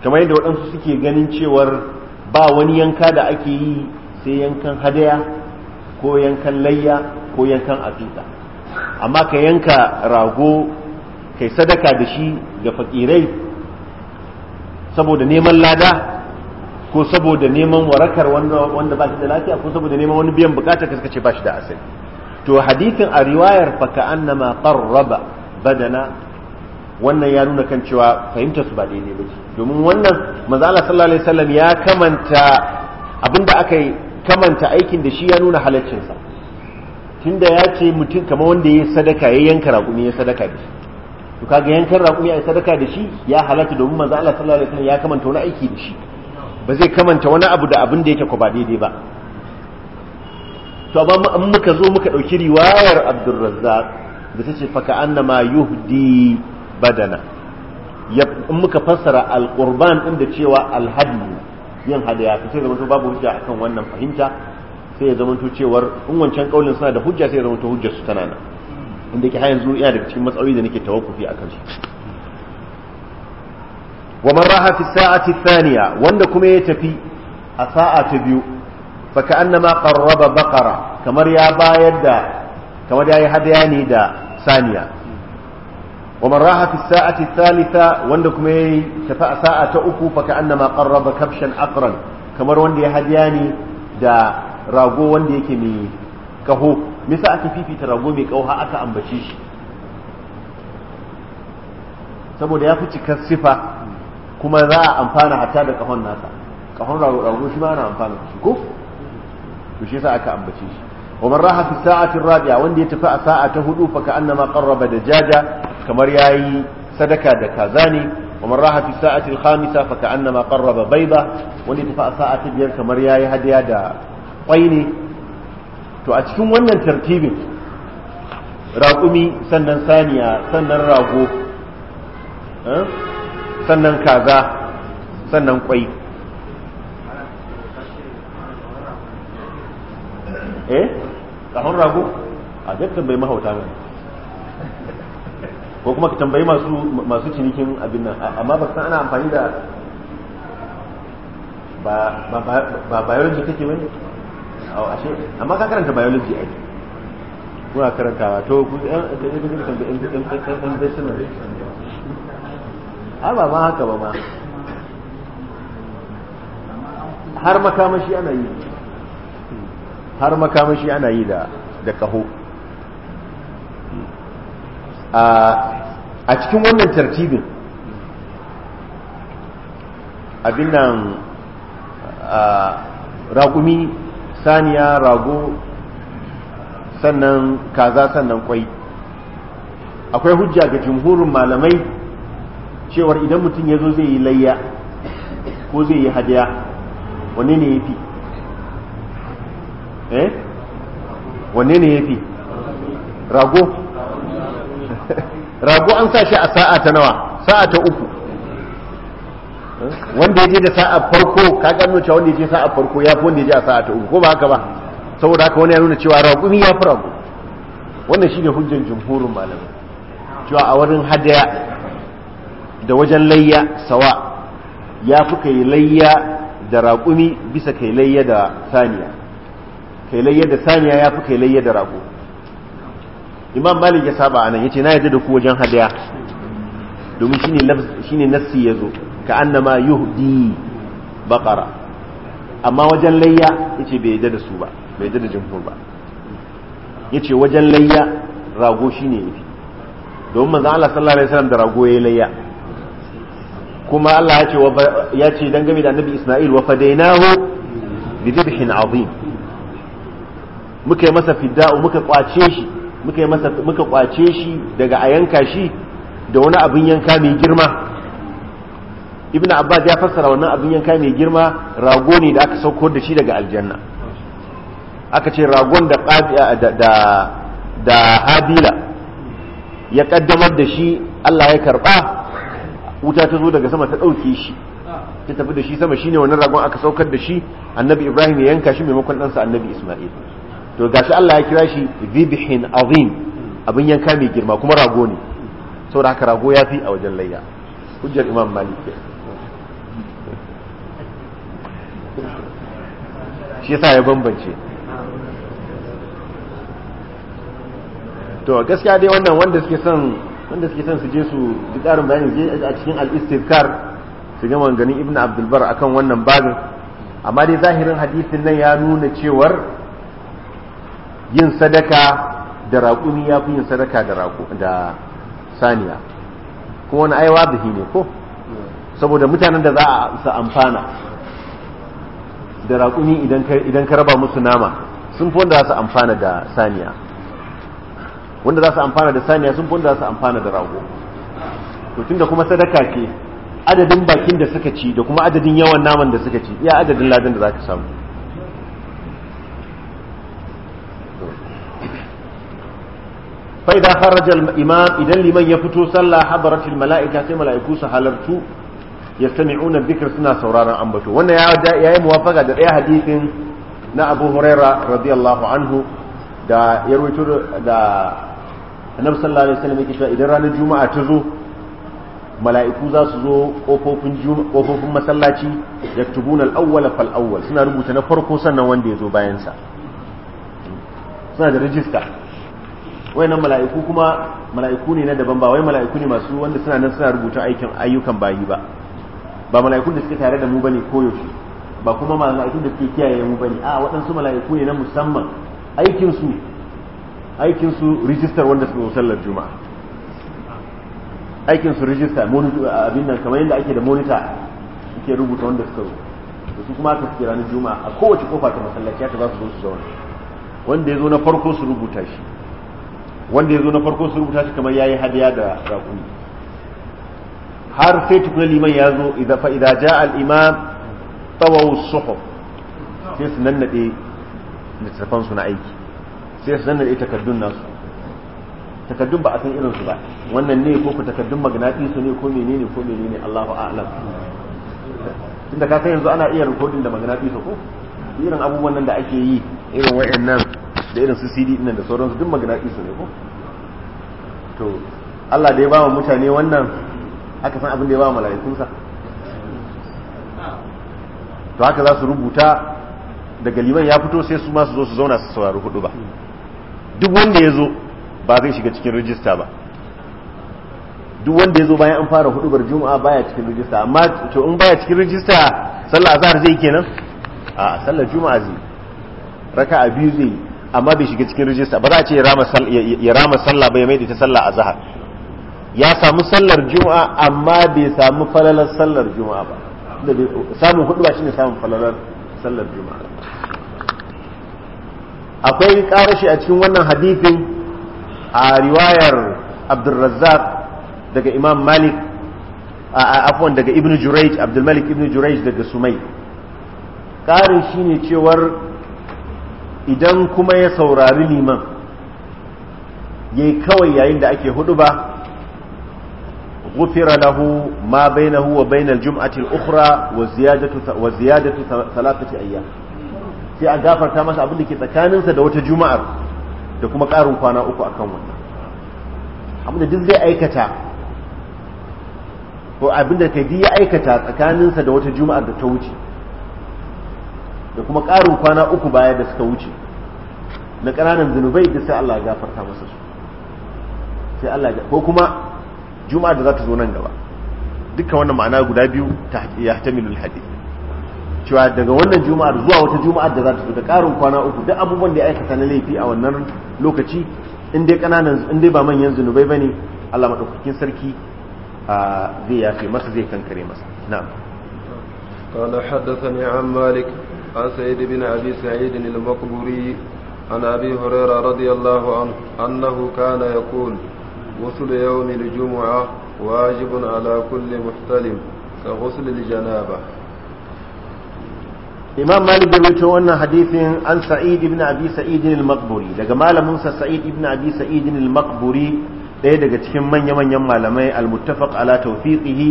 kamar yadda waɗansu suke ganin cewar ba wani yanka da ake yi sai yankan hadaya ko yankan layya ko yankan afiƙa amma ka yanka rago kai sadaka da shi ga fakirai saboda neman lada ko saboda neman warakar wanda ba shi da lafiya ko saboda neman wani biyan bukata kaska ce ba shi da asali to hadithin a riwayar fa ka annama qarraba badana wannan ya nuna kan cewa fahimtar su ba daidai ba domin wannan manzo Allah sallallahu alaihi wasallam ya kamanta abinda aka kamanta aikin da shi ya nuna halaccinsa tunda ya ce mutum kamar wanda ya sadaka ya yanka raƙumi ya sadaka da shi to kaga yankan raƙumi ya sadaka da shi ya halatta domin manzo Allah sallallahu alaihi wasallam ya kamanta wani aiki da shi ba zai kamanta wani abu da abin da yake ko ba daidai ba to amma in muka zo muka ɗauki riwayar abdurrazzaq da tace fa faka annama yuhdi badana in muka fassara alqurban din da cewa alhadi yin hadaya to sai zama babu hujja akan wannan fahimta sai ya to cewar in wancan kaulin suna da hujja sai ya zama to hujjar su tana nan inda ke har yanzu yana daga cikin matsayi da nake tawakkufi akan su wa man raha fi sa'ati wanda kuma ya tafi a sa'a ta biyu fa ka'annama qarraba baqara kamar ya bayar da kamar yayi hadaya ne da saniya wa man raha fi sa'ati wanda kuma ya tafi a sa'a ta uku fa ka'annama qarraba kabshan aqran kamar wanda ya hadaya ne da rago wanda yake mai kaho misa aka ta rago mai ƙauha aka ambace shi saboda ya fi cikar kuma za a amfana hatta da kahon nasa kahon rago rago shi ma ana amfana da shi ko to shi yasa aka ambace shi wa man raha fi sa'ati rabi'a wanda ya tafi a sa'a ta hudu fa ka annama qarraba da jaja kamar yayi sadaka da kaza ne wa man raha fi sa'ati al-khamisa fa ka annama qarraba bayda wanda ya tafi a sa'a ta biyar kamar yayi hadiya da kwai ne to a cikin wannan tartibin raƙumi sannan saniya sannan rago eh? sannan kaza sannan kwai
eh kahon rago
a tambayi mahauta ne ko kuma ka tambayi masu masu cinikin abin nan amma ba san ana amfani da ba ba biology take wani ashe amma ka karanta biology ai kuna karantawa to ku yan yan yan yan yan har ba ma haka ba ma har makamashi ana yi har makamashi ana yi da kaho a cikin wannan tartibin abin nan raƙumi saniya rago sannan kaza sannan kwai akwai hujja ga jumhurin malamai cewar idan mutum ya zo zai yi layya ko zai yi hadiya wanne ne ya fi eh wane ne ya fi rago rago an sa shi a sa'a ta nawa sa'a ta uku eh? wanda ya je da sa'a farko ka gano cewa wanda ya je sa'a farko ya fi wanda ya je a sa'a ta uku ko ba haka ba saboda haka wani ya nuna cewa raƙumi ya fi rago wannan shi ne hujjan jumhurin malamai cewa a wurin hadaya da wajen layya sawa ya fi kai layya da raƙumi bisa kai layya da saniya kai layya da saniya ya fi kai layya da raƙo imam malik ya saba anan yace na yadda da ku wajen hadiya domin shine shine nassi yazo ka annama yuhdi baqara amma wajen layya yace bai yadda da su ba bai yadda da jumhur ba yace wajen layya rago shine yafi domin manzo Allah sallallahu alaihi wasallam da rago yayi layya kuma Allah ya ce ya ce dangane da annabi Isma'il wa fadainahu bi dhabhin azim muka yi masa fidda'u muka kwace shi muka yi masa muka kwace shi daga a yanka shi da wani abin yanka mai girma ibnu abbas ya fassara wannan abin yanka mai girma rago ne da aka sauko da shi daga aljanna aka ce ragon da da da habila ya kaddamar da shi Allah ya karba wuta ta zo daga sama ta ɗauke shi ah. ta tafi da shi sama shi ne wannan ragon aka saukar da shi annabi ibrahim ya yanka shi maimakon ɗansa annabi isma'il to ga shi allah ya kira shi zibihin azim abin yanka mai girma kuma rago ne saboda haka rago ya fi a wajen layya hujjar imam malik shi yasa ya bambance to gaskiya dai wannan wanda suke son wanda suke son su je su ji ƙarin bayani je a cikin al-istizkar su ga maganganun ibn abdulbar akan wannan babin amma dai zahirin hadisin nan ya nuna cewar yin sadaka da raƙumi ya fi yin sadaka da saniya kuma wani aiwa da ne ko saboda mutanen da za a su amfana da raƙumi idan ka raba musu nama sun fi wanda za su amfana da saniya wanda za su amfana da saniya sun wanda za su amfana da rago to tunda kuma sadaka ce adadin bakin da suka ci da kuma adadin yawan naman da suka ci iya adadin ladan da za ka samu faida faraja imam idan liman ya fito sallah habarat mala'ika sai mala'iku su halartu ya sami'una dhikr suna sauraron ambato wannan ya yi muwafaka da daya hadisin na abu huraira radiyallahu anhu da ya rawaito da annabi sallallahu alaihi wasallam yake cewa idan ranar juma'a ta zo mala'iku za su zo kofofin masallaci al-awwal fal awwal suna rubuta na farko sannan wanda ya zo bayansa suna da rijista wayannan mala'iku kuma mala'iku ne na daban ba wai mala'iku ne masu wanda suna nan suna rubuta aikin ayyukan bayi ba ba mala'ikun da suke tare da mu bane koyaushe ba kuma mala'ikun da suke kiyaye mu bane a waɗansu mala'iku ne na musamman aikin su. aikin su rijistar wanda suka sallar juma'a aikin su rijista abin nan kamar yadda ake da monita suke rubuta wanda suka zo da su kuma aka suke ranar juma'a a kowace kofa ta masallaci haka za su zo su zauna wanda ya zo na farko su rubuta shi wanda ya zo na farko su rubuta shi kamar ya yi hadiya da rakuni har sai tukuna liman ya zo idan fa idan ja sai su nannade littattafan su na aiki sai su zanna da takaddun nasu takaddun ba a san irinsu ba wannan ne ko ku takaddun magnatisu ne ko menene ko menene Allahu a'lam tunda ka san yanzu ana iya recording da magnatisu ko irin abubuwan nan da ake yi irin wayannan da irin su CD din da sauransu duk magnatisu ne ko to Allah da ya ba mu mutane wannan aka san abin da ya ba sa to haka za su rubuta daga liman ya fito sai su ma su zo su zauna su saurari hudu ba duk wanda ya zo ba zai shiga cikin rijista ba duk wanda ya zo bayan an fara hudubar juma'a baya cikin rijista amma to in baya cikin rijista sallah azhar zai kenan a sallar juma'a zai raka'a biyu zai amma bai shiga cikin rijista ba za a ce ya rama sallah ba ya maida ta sallah azhar ya samu sallar juma'a amma bai samu falalar sallar juma'a ba samun hudu ba shine samun falalar sallar juma'a akwai karashi a cikin wannan hadithin a riwayar abdulrazzaq daga imam malik a afon daga ibn juraij abdulmalik ibn jurayj daga sumai karin ne cewar idan kuma ya saurari liman ya yi kawai yayin da ake hudu ba غفر له ما بينه وبين الجمعة الأخرى وزيادة, وزيادة ثلاثة أيام sai a gafarta masa abin da ke tsakaninsa da wata juma'ar da kuma ƙarin kwana uku akan wannan abin da duk zai aikata ko abin da kai ya aikata tsakaninsa da wata juma'ar da ta wuce da kuma ƙarin kwana uku baya da suka wuce na ƙananan zunubai da sai Allah ya gafarta masa su sai Allah ko kuma juma'a da za ta zo nan gaba dukkan wannan ma'ana guda biyu ta yahtamilul hadith cewa daga wannan juma'ar zuwa wata juma'ar da za ta da karin kwana uku duk abubuwan da ya aikata na laifi a wannan lokaci in dai kananan in dai ba manyan zunubai bane Allah madaukakin sarki zai yafe masa zai kankare masa na'am
قال حدثني عن مالك عن سعيد بن أبي سعيد المقبوري عن أبي هريرة رضي الله عنه أنه كان يقول غسل يوم الجمعة واجب على كل محتلم كغسل الجنابة
imam malik ya rawaito wannan hadisin an sa'id ibn abi sa'id al-maqburi daga malamin sa sa'id ibn abi sa'id al-maqburi daya daga cikin manya-manyan malamai al-muttafaq ala tawfiqihi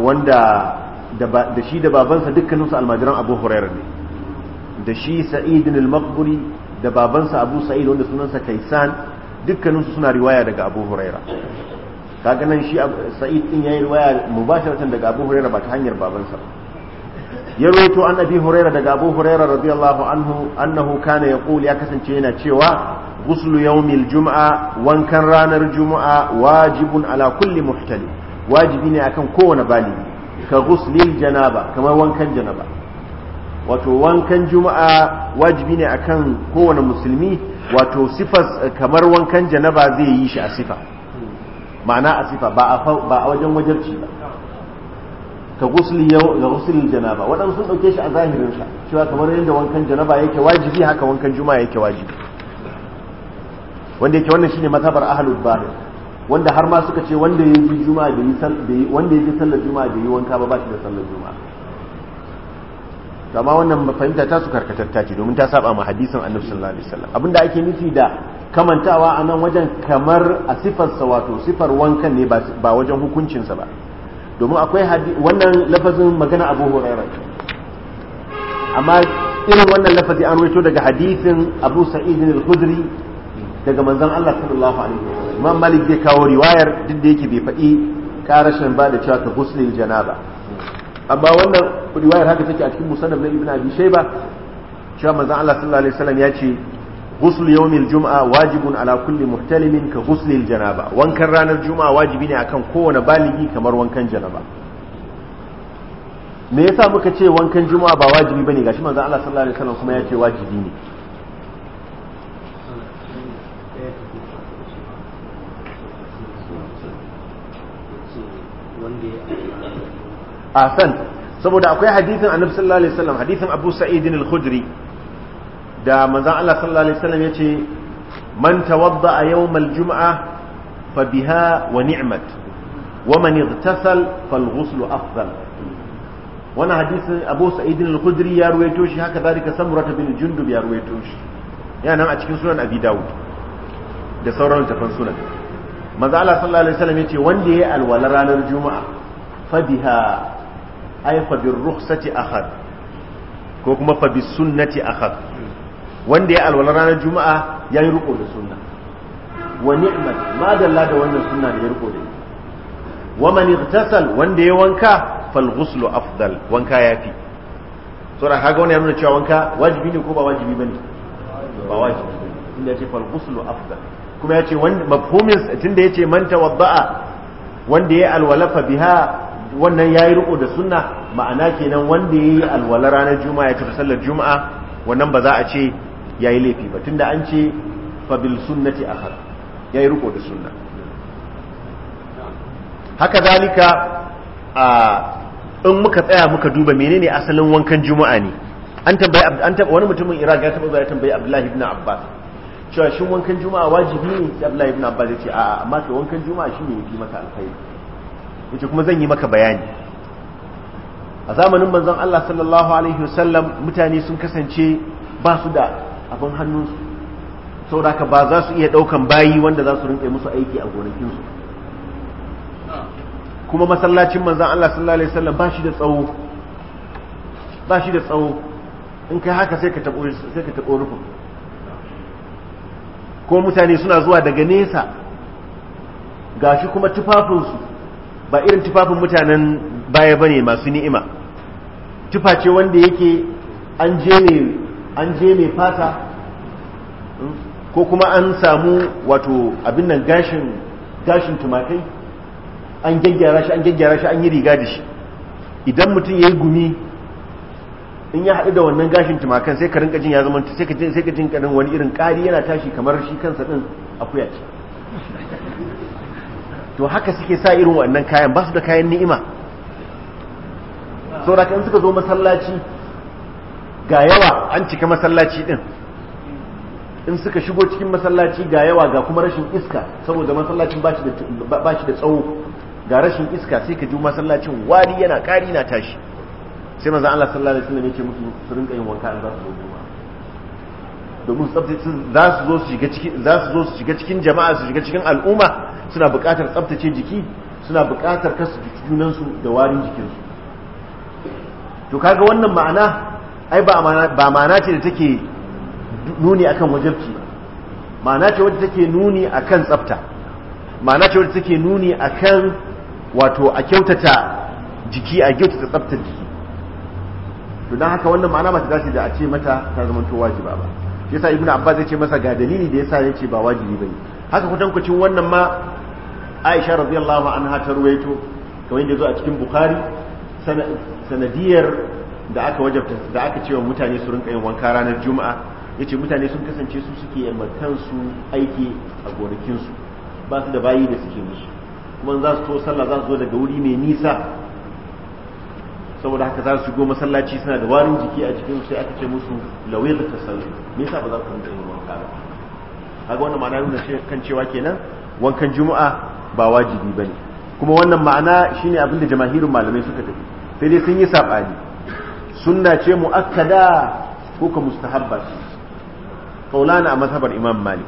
wanda da shi da babansa dukkaninsu almajiran abu hurairah ne da shi sa'idin al-maqburi da babansa abu sa'id wanda sunansa kaisan dukkaninsu suna riwaya daga abu hurairah kaga nan shi sa'id din yayi riwaya mubasharatan daga abu hurairah ba ta hanyar babansa ba ya rawaito an abi huraira daga abu huraira radiyallahu anhu annahu kana yaqul ya kasance yana cewa ghuslu yawmil jumu'a wankan ranar jumu'a wajibun ala kulli muftali. wajibi ne akan kowane baligi ka ghuslil janaba kamar wankan janaba wato wankan juma'a wajibi ne akan kowane musulmi wato sifas kamar wankan janaba zai yi shi a sifa ma'ana a sifa ba a wajen wajarci ba ka gusli ga gusli janaba waɗansu sun ɗauke shi a zahirin sa cewa kamar yadda wankan janaba yake wajibi haka wankan juma'a yake wajibi wanda yake wannan shine mazhabar ahlul bari wanda har ma suka ce wanda ya ji juma'a da yi wanda ya sallar juma'a da yi wanka ba ba shi da sallar juma'a amma wannan fahimta ta su karkatar ta ce domin ta saba ma hadisin annabi sallallahu alaihi wasallam abinda ake nufi da kamantawa a nan wajen kamar a sa wato sifar wankan ne ba wajen hukuncinsa ba domin akwai wannan lafazin magana abu huraira amma irin wannan lafazi an rito daga hadisin abu sa'id al-khudri daga manzon Allah sallallahu alaihi wasallam imam malik zai kawo riwayar duk da yake bai faɗi karashin ba da cewa ka jana janaba amma wannan riwayar haka take a cikin musannaf na ibn abi shayba cewa manzon Allah sallallahu alaihi wasallam ya ce ghusl yawmil jum'a wajibun ala kulli muhtalimin ka ghuslil janaba wankan ranar juma'a wajibi ne akan kowane baligi kamar wankan janaba me yasa muka ce wankan juma'a ba wajibi bane gashi manzon Allah sallallahu alaihi wasallam kuma yace wajibi ne a san saboda akwai hadithin annabi sallallahu alaihi wasallam hadithin Abu Sa'id al-Khudri da manzon Allah sallallahu alaihi wasallam yace man tawadda yau jum'a fa biha wa ni'mat wa man ightasal fal ghuslu afdal wannan hadisin Abu Sa'id al-Khudri ya ruwaito shi haka zalika Samurah bin Jundub ya ruwaito shi yana nan a cikin sunan Abi Dawud da sauran tafan sunan manzo Allah sallallahu alaihi wasallam yace wanda yayi alwala ranar juma'a fa biha ay fa bir rukhsati akhad ko kuma fa bis sunnati akhad wanda ya alwala ranar juma'a ya yi riko da suna. wa ni'mat ma dalla da wannan suna da ya riko da wa man igtasal wanda ya wanka fal ghuslu afdal wanka yafi saboda kaga wani ya nuna cewa wanka wajibi ne ko ba wajibi bane ba wajibi inda yace fal ghuslu afdal kuma yace wanda mafhumin tunda yace man tawadda'a wanda ya yi biha wannan yayi riko da sunna ma'ana kenan wanda yayi alwala ranar juma'a ya tafi sallar juma'a wannan ba za a ce yayi laifi ba tunda an ce fa bil har ya yi riko da sunna haka zalika a in muka tsaya muka duba menene asalin wankan juma'a ne an tabbai an wani mutumin iraq ya taba zai tambayi abdullahi ibn abbas cewa shin wankan juma'a wajibi ne sai abdullahi ibn abbas ya ce a'a amma kai wankan juma'a shine yafi maka alfai yace kuma zan yi maka bayani a zamanin manzon Allah sallallahu alaihi wasallam mutane sun kasance ba su da abin hannunsu saboda ka ba za su iya ɗaukan bayi wanda za su rinƙe musu aiki a gonakinsu kuma masallacin manzan Allah sallallahu alaihi wasallam ba shi da tsawo ba shi da tsawo in kai haka sai ka taɓo sai ko mutane suna zuwa daga nesa gashi kuma tufafinsu ba irin tufafin mutanen baya ba ne masu ni'ima tufa ce wanda yake an je ne an je mai fata hmm, ko kuma an samu wato abin nan gashin gashin tumakai an gyaggyara shi an gyaggyara shi an yi riga da shi idan mutum ya yi gumi in ya haɗu da wannan gashin tumakan sai ka rinka jin ya zama sai ka jin sai ka jin wani irin ƙari yana tashi kamar shi kansa din akuya ce to haka suke sa irin wannan kayan ba su da kayan ni'ima saboda kan suka zo masallaci ga yawa an cika masallaci din in suka shigo cikin masallaci ga yawa ga kuma rashin iska saboda masallacin ba shi da tsawo ga rashin iska sai ka ji masallacin wari yana ƙari na tashi sai maza Allah sallallahu alaihi wasallam yake musu su rinka yin wanka in za su zo juma'a domin tsaftace za su zo su shiga cikin za su zo su shiga cikin jama'a su shiga cikin al'umma suna buƙatar tsaftace jiki suna buƙatar kasu junansu da warin jikinsu to kaga wannan ma'ana ai ba ma'ana ce da take nuni akan wajabci ba ma'ana ce wadda take nuni akan tsafta ma'ana ce wadda take nuni akan wato a kyautata jiki a kyautata tsaftar jiki to dan haka wannan ma'ana ba ta dace da a ce mata ta zama to wajiba ba shi yasa ibnu abbas ya ce masa ga dalili da yasa ya ce ba wajibi bane haka kutankucin wannan ma aisha radiyallahu anha ta ruwaito kamar yadda zo a cikin bukhari sanadiyar da aka wajabta da aka cewa mutane su rinka yin wanka ranar juma'a yace mutane sun kasance su suke yamma su aiki a gonakinsu ba su da bayi da suke musu kuma za su to sallah za su zo daga wuri mai nisa saboda haka za su shigo masallaci suna da warin jiki a jikin sai aka ce musu lawil tasallu me yasa ba za ku rinka yin wanka ba haka wannan ma'ana nuna kan cewa kenan wankan juma'a ba wajibi bane kuma wannan ma'ana shine abinda jamahirin malamai suka tafi sai dai sun yi sabani sunna ce mu'akkada ko ka mustahabba ce kaulana a mazhabar imam malik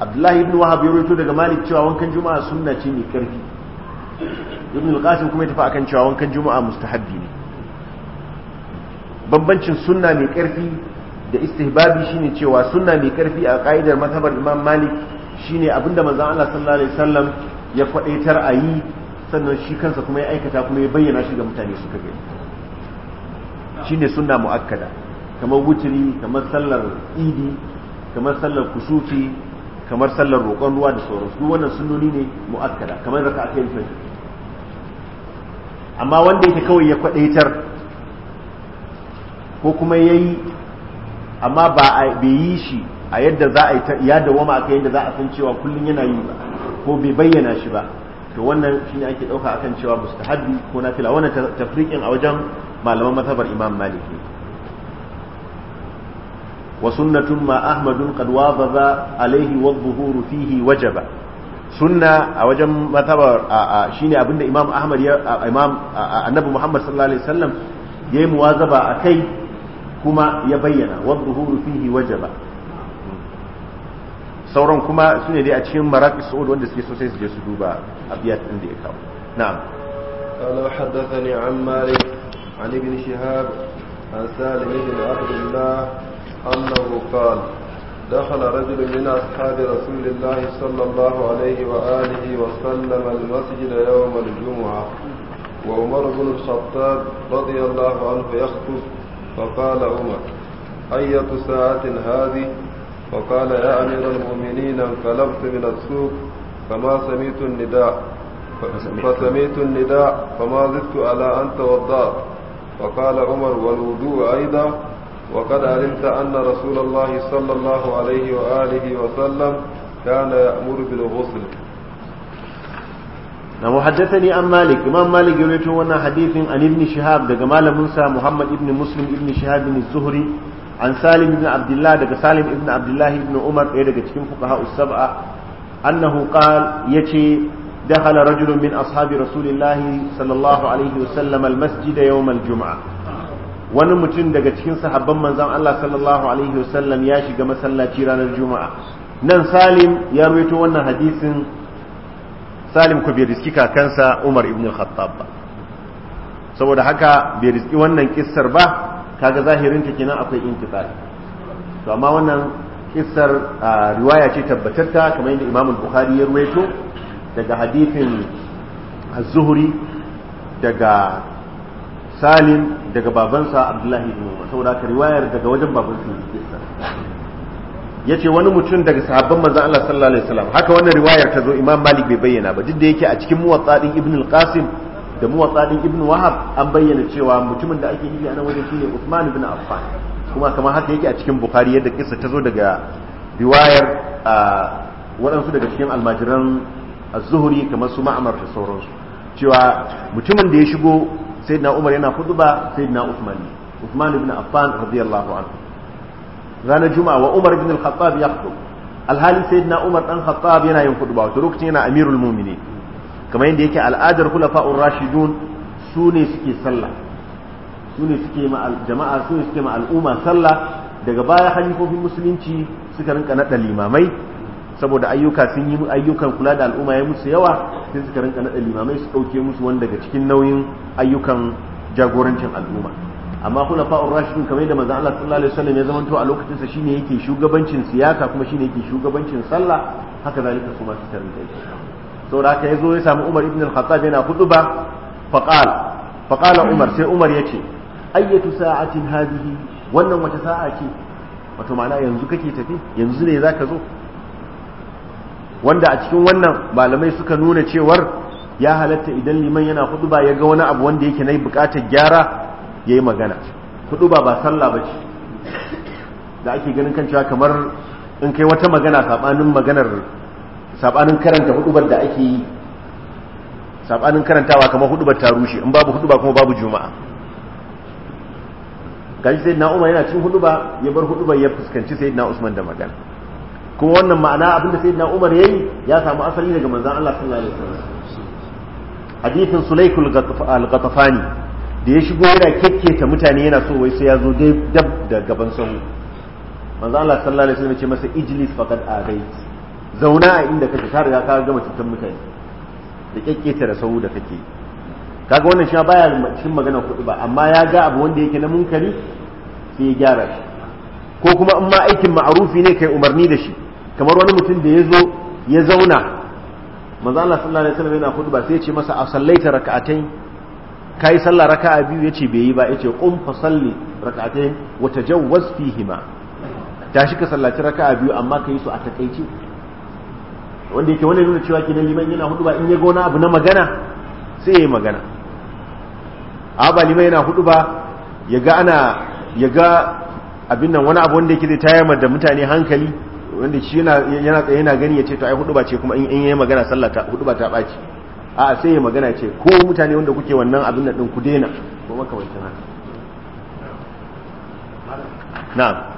abdullahi ibn wahab ya rawaito daga malik cewa wankan juma'a sunna ce mai karfi ibn al-qasim kuma ya tafi akan cewa wankan juma'a mustahabbi ne bambancin sunna mai karfi da istihbabi shine cewa sunna mai karfi a ka'idar mazhabar imam malik shine abinda manzon Allah sallallahu alaihi wasallam ya kwadaitar a yi sannan shi kansa kuma ya aikata kuma ya bayyana shi ga mutane suka gani ne sunna muakkada kamar wuturi kamar sallar idi kamar sallar kusufi kamar sallar roƙon ruwa da sauransu duk wannan sunnoni ne muakkada kamar raka'atul fahimta amma wanda yake kawai ya kwadaitar ko kuma ya yi amma ba bai yi shi a yadda za a ya dawama aka yadda za a san cewa kullum yana yi ba ko bai bayyana shi ba to wannan shine ake ɗauka akan cewa mustahabi ko na wannan tafriqin a wajen malaman mazhabar imam maliki wa sunnatun ma ahmadun qad wadaza alaihi wa dhuhuru fihi wajaba sunna a wajen mazhabar shine abinda imam ahmad ya imam annabi muhammad sallallahu alaihi wasallam yayi muwazaba akai kuma ya bayyana wa dhuhuru fihi wajaba sauran kuma su ne dai a cikin maraƙi sa'ud wanda suke sosai su je su duba abiyat ɗin da ya kawo
na'am قال حدثني عن مالك عن ابن شهاب عن سالم بن عبد الله أنه قال دخل رجل من أصحاب رسول الله صلى الله عليه وآله وسلم المسجد يوم الجمعة وعمر بن الخطاب رضي الله عنه يخطب فقال عمر أية ساعة هذه فقال يا أمير المؤمنين انقلبت من السوق فما سمعت النداء فسمعت النداء فما زدت على أن توضأت فقال عمر والوضوء أيضا وقد علمت أن رسول الله صلى الله عليه وآله وسلم كان يأمر بالغسل
نعم حدثني عن مالك امام مالك يروي wannan hadisin an ibn shihab daga malamin sa muhammad ibn muslim ibn shihab ibn zuhri an salim ibn abdullah daga salim ibn abdullah ibn umar ɗaya daga cikin fuqaha sab'a annahu qal yace دخل رجل من أصحاب رسول الله صلى الله عليه وسلم المسجد يوم الجمعة wani mutum daga cikin sahabban manzon Allah sallallahu alaihi wasallam ya shiga masallaci ranar juma'a nan salim ya rawaito wannan hadisin salim ku bai riski kakansa umar ibn khattab ba saboda haka bai riski wannan kissar ba kaga zahirin ta kenan akwai intiqal to amma wannan kissar riwaya ce tabbatatta kamar yadda Imam Bukhari ya ruwaito daga hadithin Az-Zuhri daga Salim daga babansa Abdullahi ibn Umar saboda ka riwayar daga wajen babansa kissar yace wani mutum daga sahabban manzon Allah sallallahu alaihi wasallam haka wannan riwayar ta zo Imam Malik bai bayyana ba duk da yake a cikin muwatta din Ibn al-Qasim da muwatsa din ibn wahab an bayyana cewa mutumin da ake nufi a nan wajen shine usman ibn affan kuma kamar haka yake a cikin bukhari yadda kissa ta zo daga riwayar waɗansu daga cikin almajiran az-zuhri kamar su ma'amar da sauransu cewa mutumin da ya shigo sayyidina umar yana khutba sayyidina usman usman ibn affan radiyallahu anhu ranar juma'a wa umar ibn al-khattab yakhutub alhali sayyidina umar dan khattab yana yin khutba wato lokacin yana amirul mu'minin kamar yadda yake al'adar khulafa'ur rashidun su ne suke sallah su ne suke ma jama'a su ne suke ma al'umma sallah daga baya halifofin musulunci suka rinka naɗa limamai saboda ayyuka sun yi ayyukan kula da al'umma ya musu yawa sai suka rinka naɗa limamai su ɗauke musu wani daga cikin nauyin ayyukan jagorancin al'umma amma kula fa'ur rashidun kamar yadda manzon Allah sallallahu alaihi wasallam ya zamanto a lokacin sa shine yake shugabancin siyasa kuma shine yake shugabancin sallah haka zalika su ma su saboda haka ya zo ya samu umar ibn al-khattab yana hudu ba faqal faqala umar sai umar ya ce ayyatu sa'atin hadhihi wannan wata sa'a ce wato ma'ana yanzu kake tafi yanzu ne zaka zo wanda a cikin wannan malamai suka nuna cewar ya halatta idan liman yana hudu ya ga wani abu wanda yake na bukatar gyara yayi magana hudu ba sallah ba ce da ake ganin kan cewa kamar in kai wata magana saɓanin maganar sabanin karanta hudubar da ake yi sabanin karantawa kamar hudubar ta rushe in babu huduba kuma babu juma'a gashi sai na umar yana cin huduba ya bar hudubar ya fuskanci sai na usman da magan kuma wannan ma'ana abinda sai na umar yi, ya samu asali daga manzan Allah sun lalata wasallam hadithin sulaikul al-ghatafani da ya shigo yana kekketa mutane yana so wai sai ya zo dab da gaban sahu Manzan Allah sun lalata wasallam ce masa fakad a gaiti zauna a inda kake ka riga ka gama cutar mutane da kyakkece da sau da kake kaga wannan shi baya cikin magana kuɗi ba amma ya ga abu wanda yake na munkari sai ya gyara shi ko kuma in ma aikin ma'arufi ne kai umarni da shi kamar wani mutum da ya zo ya zauna manzo Allah sallallahu alaihi wasallam yana khutba sai ya ce masa a sallaita raka'atain kai sallah raka'a biyu yace bai yi ba yace qum fa salli raka'atain wa tajawwaz fihima tashi ka sallaci raka'a biyu amma ka yi su a takaici. wanda yake wani nuna cewa kenan liman yana hudu ba in ya gona abu na magana sai ya yi magana a ba liman yana hudu ba ya ga ana ya ga abin nan wani abu wanda yake zai tayyamar da mutane hankali wanda shi yana tsaye yana gani ya ce to ai hudu ba ce kuma in yi magana sallah ta hudu ba ta ɓaci a sai ya magana ce ko mutane wanda kuke wannan abin nan din ku daina ko makamantan haka na'am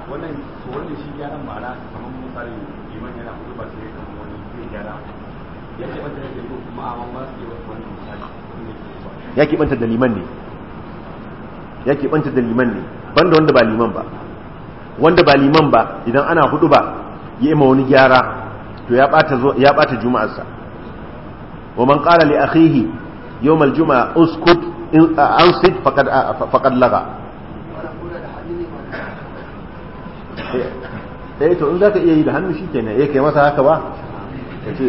ya keɓanta da liman ne ya da liman ne banda wanda ba liman ba wanda ba liman ba idan ana hudu ba yi ima wani gyara to ya ɓata juma'arsa wa man ƙara li akhihi yawmal juma'a uskut an sit faqad laga eh, eh to in zaka iya yi da hannu shikenan eh kai masa haka ba kace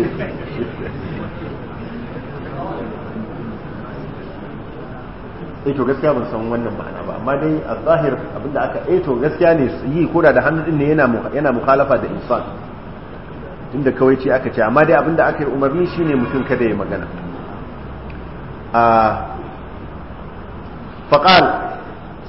eh, to gaskiya ban san wannan ma'ana ba amma dai a zahir abinda aka e, to gaskiya ne yi koda da hannu ne yana mukhalafa da insan da kawai ce aka ce amma dai abinda aka yi umarni shi ne mutum kada ya magana a faƙal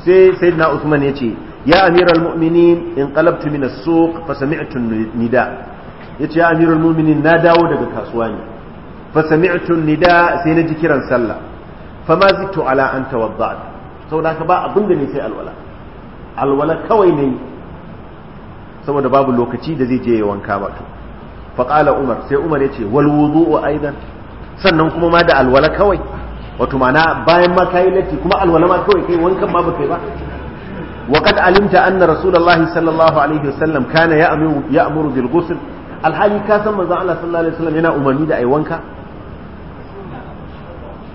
sai sayyidina usman ya ce, ya amiral mu'minin in ƙalabtu min as-suq fa sami'tu nida yace ya amirul mu'minin na dawo daga kasuwa ne fa sami'tu nida sai na ji kiran sallah fa ma zittu ala an tawadda'tu saboda ka ba abin da ne sai alwala alwala kawai ne saboda babu lokaci da zai je ya wanka ba to fa qala umar sai umar yace wal wudu'u aidan sannan kuma ma da alwala kawai wato ma'ana bayan ma kayi latti kuma alwala ma kawai kai wankan ma baka yi ba وقد علمت أن رسول الله صلى الله عليه وسلم كان يأمر, يأمر بالغسل alhali ka san manzon Allah sallallahu alaihi wasallam yana umarni da ai wanka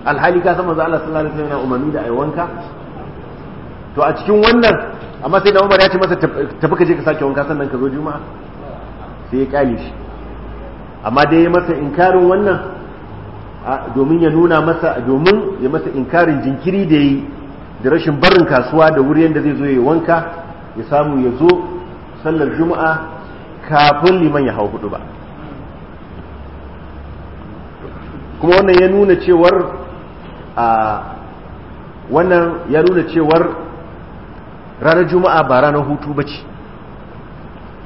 alhali ka san manzon Allah sallallahu alaihi wasallam yana umarni da ai wanka to a cikin wannan amma sai da Umar ya ce masa tafi ka je ka sake wanka sannan ka zo juma'a sai ya kyale shi amma dai ya masa inkarin wannan domin ya nuna masa domin ya masa inkarin jinkiri da yi da rashin barin kasuwa da wuri yadda zai zo ya wanka ya samu ya zo sallar juma'a kafin liman ya hau hudu ba kuma wannan ya nuna cewar a wannan ya nuna cewar ranar juma'a ba ranar hutu ba ce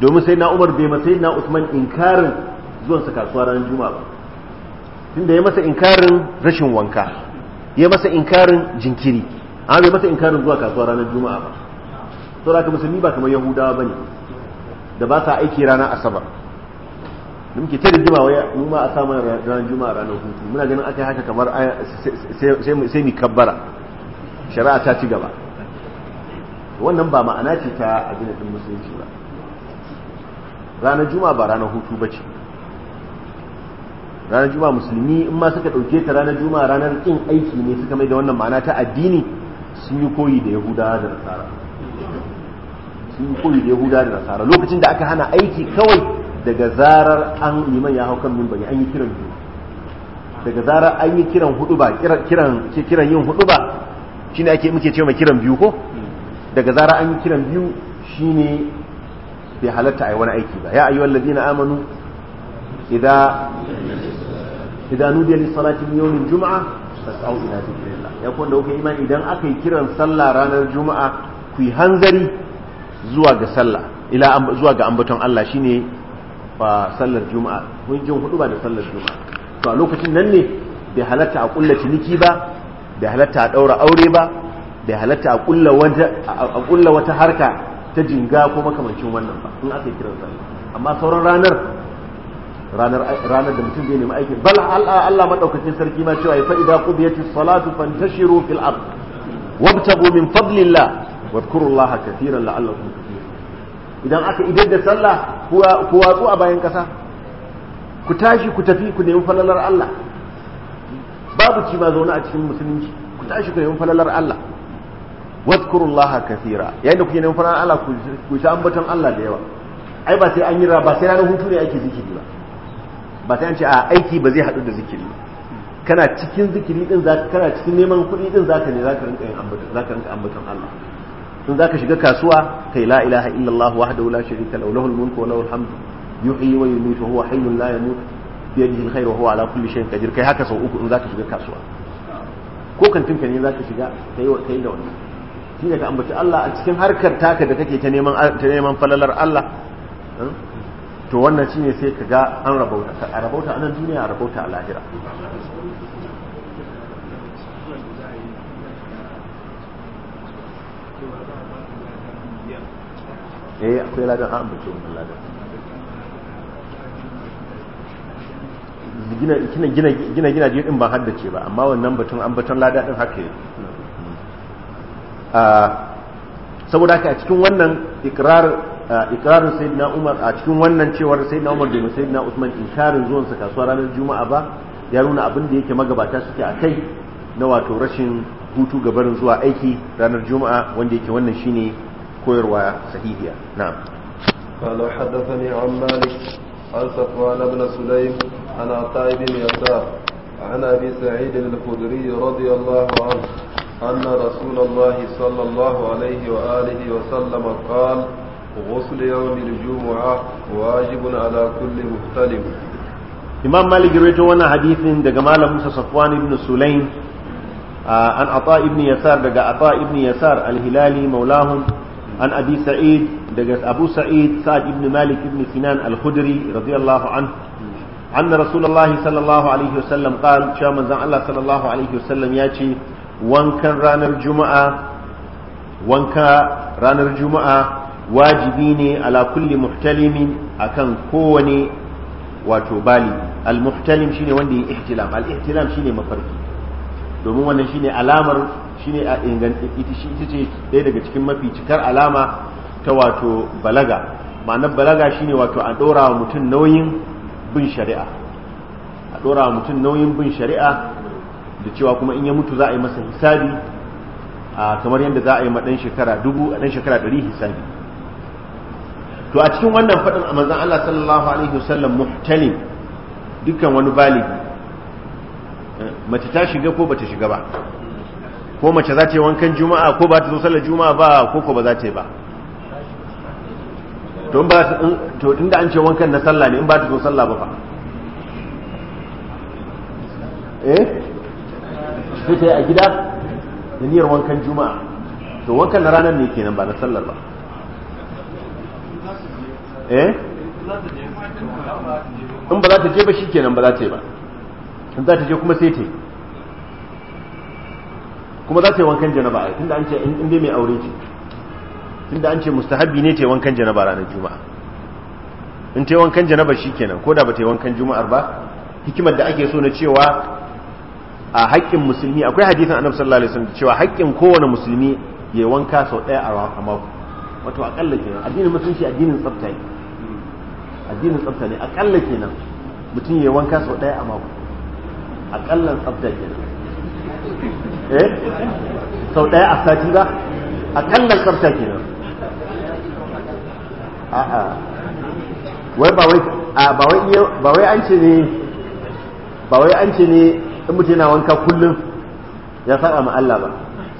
domin sai na umar bai masai na usman inkarin zuwansa kasuwa ranar juma'a ba tunda ya masa inkarin rashin wanka ya masa inkarin jinkiri amma bai masa inkarin zuwa kasuwa ranar juma'a ba saboda haka musulmi ba kamar yahudawa ne. da ba sa aiki ranar asabar da muke ta rigima wai mu ma a samu ranar juma'a ranar hutu muna ganin aka haka kamar sai mu kabbara shari'a ta ci gaba wannan ba ma'ana ce ta abin da musulunci ba ranar juma'a ba ranar hutu ba ce ranar juma'a musulmi in ma suka ɗauke ta ranar juma'a ranar kin aiki ne suka mai da wannan ma'ana ta addini sun yi koyi da yahudawa da nasara sun yahuda da nasara lokacin da aka hana aiki kawai daga zarar an liman ya hau kan mimbari an yi kiran biyu daga zarar an yi kiran hudu ba kiran kiran yin hudu ba shine ake muke cewa kiran biyu ko daga zarar an yi kiran biyu shine bai halatta a yi wani aiki ba ya ayyuhal ladina amanu idza idza nudiya lis salati yawmil jum'a fas'au ila dhikrillah ya kun da kuka imani idan aka yi kiran sallah ranar juma'a ku yi hanzari zuwa ga sallah ila zuwa ga ambaton Allah shine fa sallar juma'a mun jin hudu ba da sallar juma'a to a lokacin nan ne bai halatta a kulla ciniki ba bai halatta a daura aure ba bai halatta a kulla wata a kulla wata harka ta jinga ko makamancin wannan ba in aka kiran sallah amma sauran ranar ranar ranar da mutum zai nemi aiki bal Allah madaukakin sarki ma cewa fa idza qudiyatis salatu fantashiru fil ard wabtagu min fadlillah wadkurullaha kathiran la'allakum idan aka idar da sallah ku watsu a bayan kasa ku tashi ku tafi ku nemi falalar Allah babu ci ba zaune a cikin musulunci ku tashi ku nemi falalar Allah wadkurullaha kathira yayin da kuke nemi falalar Allah ku yi ambaton Allah da yawa ai ba sai an yi ba sai ranar hutu ne ake zikiri ba ba sai an ce a aiki ba zai haɗu da zikiri ba kana cikin zikiri din zaka kana cikin neman kuɗi din zaka ne zaka rinka yin ambaton zaka rinka ambaton Allah in zaka shiga kasuwa kai la ilaha illallah wahdahu la sharika lahu lahul mulku wa lahul hamdu yuhyi wa yumiitu huwa hayyun la yamut bi yadihi alkhayru wa huwa ala kulli shay'in qadir kai haka sau uku in zaka shiga kasuwa ko kantinka ne zaka shiga kai kai da wani. shine ka ambaci Allah a cikin harkar taka da kake ta neman ta neman falalar Allah hmm? to wannan shine sai ka ga an rabauta a rabauta a nan duniya a rabauta a lahira eh akwai ladan an bace wannan ladan gina gina gina gina din ba haddace ba amma wannan batun batun lada din haka yake ah, saboda haka a cikin wannan ikrar ah, ikrarin sayyidina umar a cikin wannan cewar sayyidina umar da sayyidina usman inkarin sa kasuwa ranar juma'a ba ya nuna abin da yake magabata suke a kai na wato rashin hutu ga barin zuwa aiki ranar juma'a wanda yake wannan shine koyarwa sahihiya na'am
قال حدثني عن مالك عن صفوان بن سليم عن عطاء بن يسار عن ابي سعيد الخدري رضي الله عنه ان رسول الله صلى الله عليه واله وسلم قال غسل يوم الجمعه واجب على كل مختلف
imam malik rawaito wannan hadisin daga malam musa safwan ibn sulaim an ata ibn yasar daga ata ibn yasar al-hilali maulahum an abi sa'id daga abu sa'id sa'ad ibn malik ibn sinan al-khudri radiyallahu anhu anna rasulullahi sallallahu alaihi wasallam qal cewa manzon Allah sallallahu alaihi wasallam ya ce wankan ranar juma'a wanka ranar juma'a wajibi ne ala kulli akan kowane wato bali al muhtalim shine wanda ya ihtilam al ihtilam shine mafarki domin wannan shine alamar shine a ita shi ita ce ɗaya daga cikin mafi cikar alama ta wato balaga ma'anar balaga shine wato a ɗora wa mutum nauyin bin shari'a a ɗora wa mutum nauyin bin shari'a da cewa kuma in ya mutu za a yi masa hisabi a kamar yadda za a yi ma ɗan shekara dubu a ɗan shekara ɗari hisabi to a cikin wannan faɗin a manzan Allah sallallahu alaihi wasallam muhtalim dukkan wani baligi eh, mace ta shiga ko bata shiga ba ko mace za ta yi wankan juma'a ko ba ta zo sallar juma'a ba ko ko ba za ta yi ba to ba to inda an ce wankan na sallah ne in ba ta zo sallah ba fa eh sai ta yi a gida da niyyar wankan juma'a to wankan na ranar ne kenan ba na sallar ba eh in ba za ta je ba kenan ba za ta yi ba in za ta je kuma sai ta yi kuma za ta yi wankan janaba a tunda an ce in mai aure ce tunda an ce mustahabi ne ta yi wankan janaba ranar juma'a in ta yi wankan janaba kenan ko da ba ta yi wankan juma'ar ba hikimar da ake so na cewa a haƙƙin musulmi akwai hadithan annabi sallallahu alaihi wasallam cewa haƙƙin kowane musulmi ya yi wanka sau ɗaya a mako wato akalla kenan addinin musulunci addinin tsafta ne addinin tsafta ne akalla kenan mutum ya yi wanka sau ɗaya a mako akallan tsafta
kenan Eh? sau ɗaya a
sati ba a kallon karta ke nan a'a wai ba wai ba wai ba wai an ce ne ba wai an ce ne in mutum yana wanka kullum ya saba ma Allah ba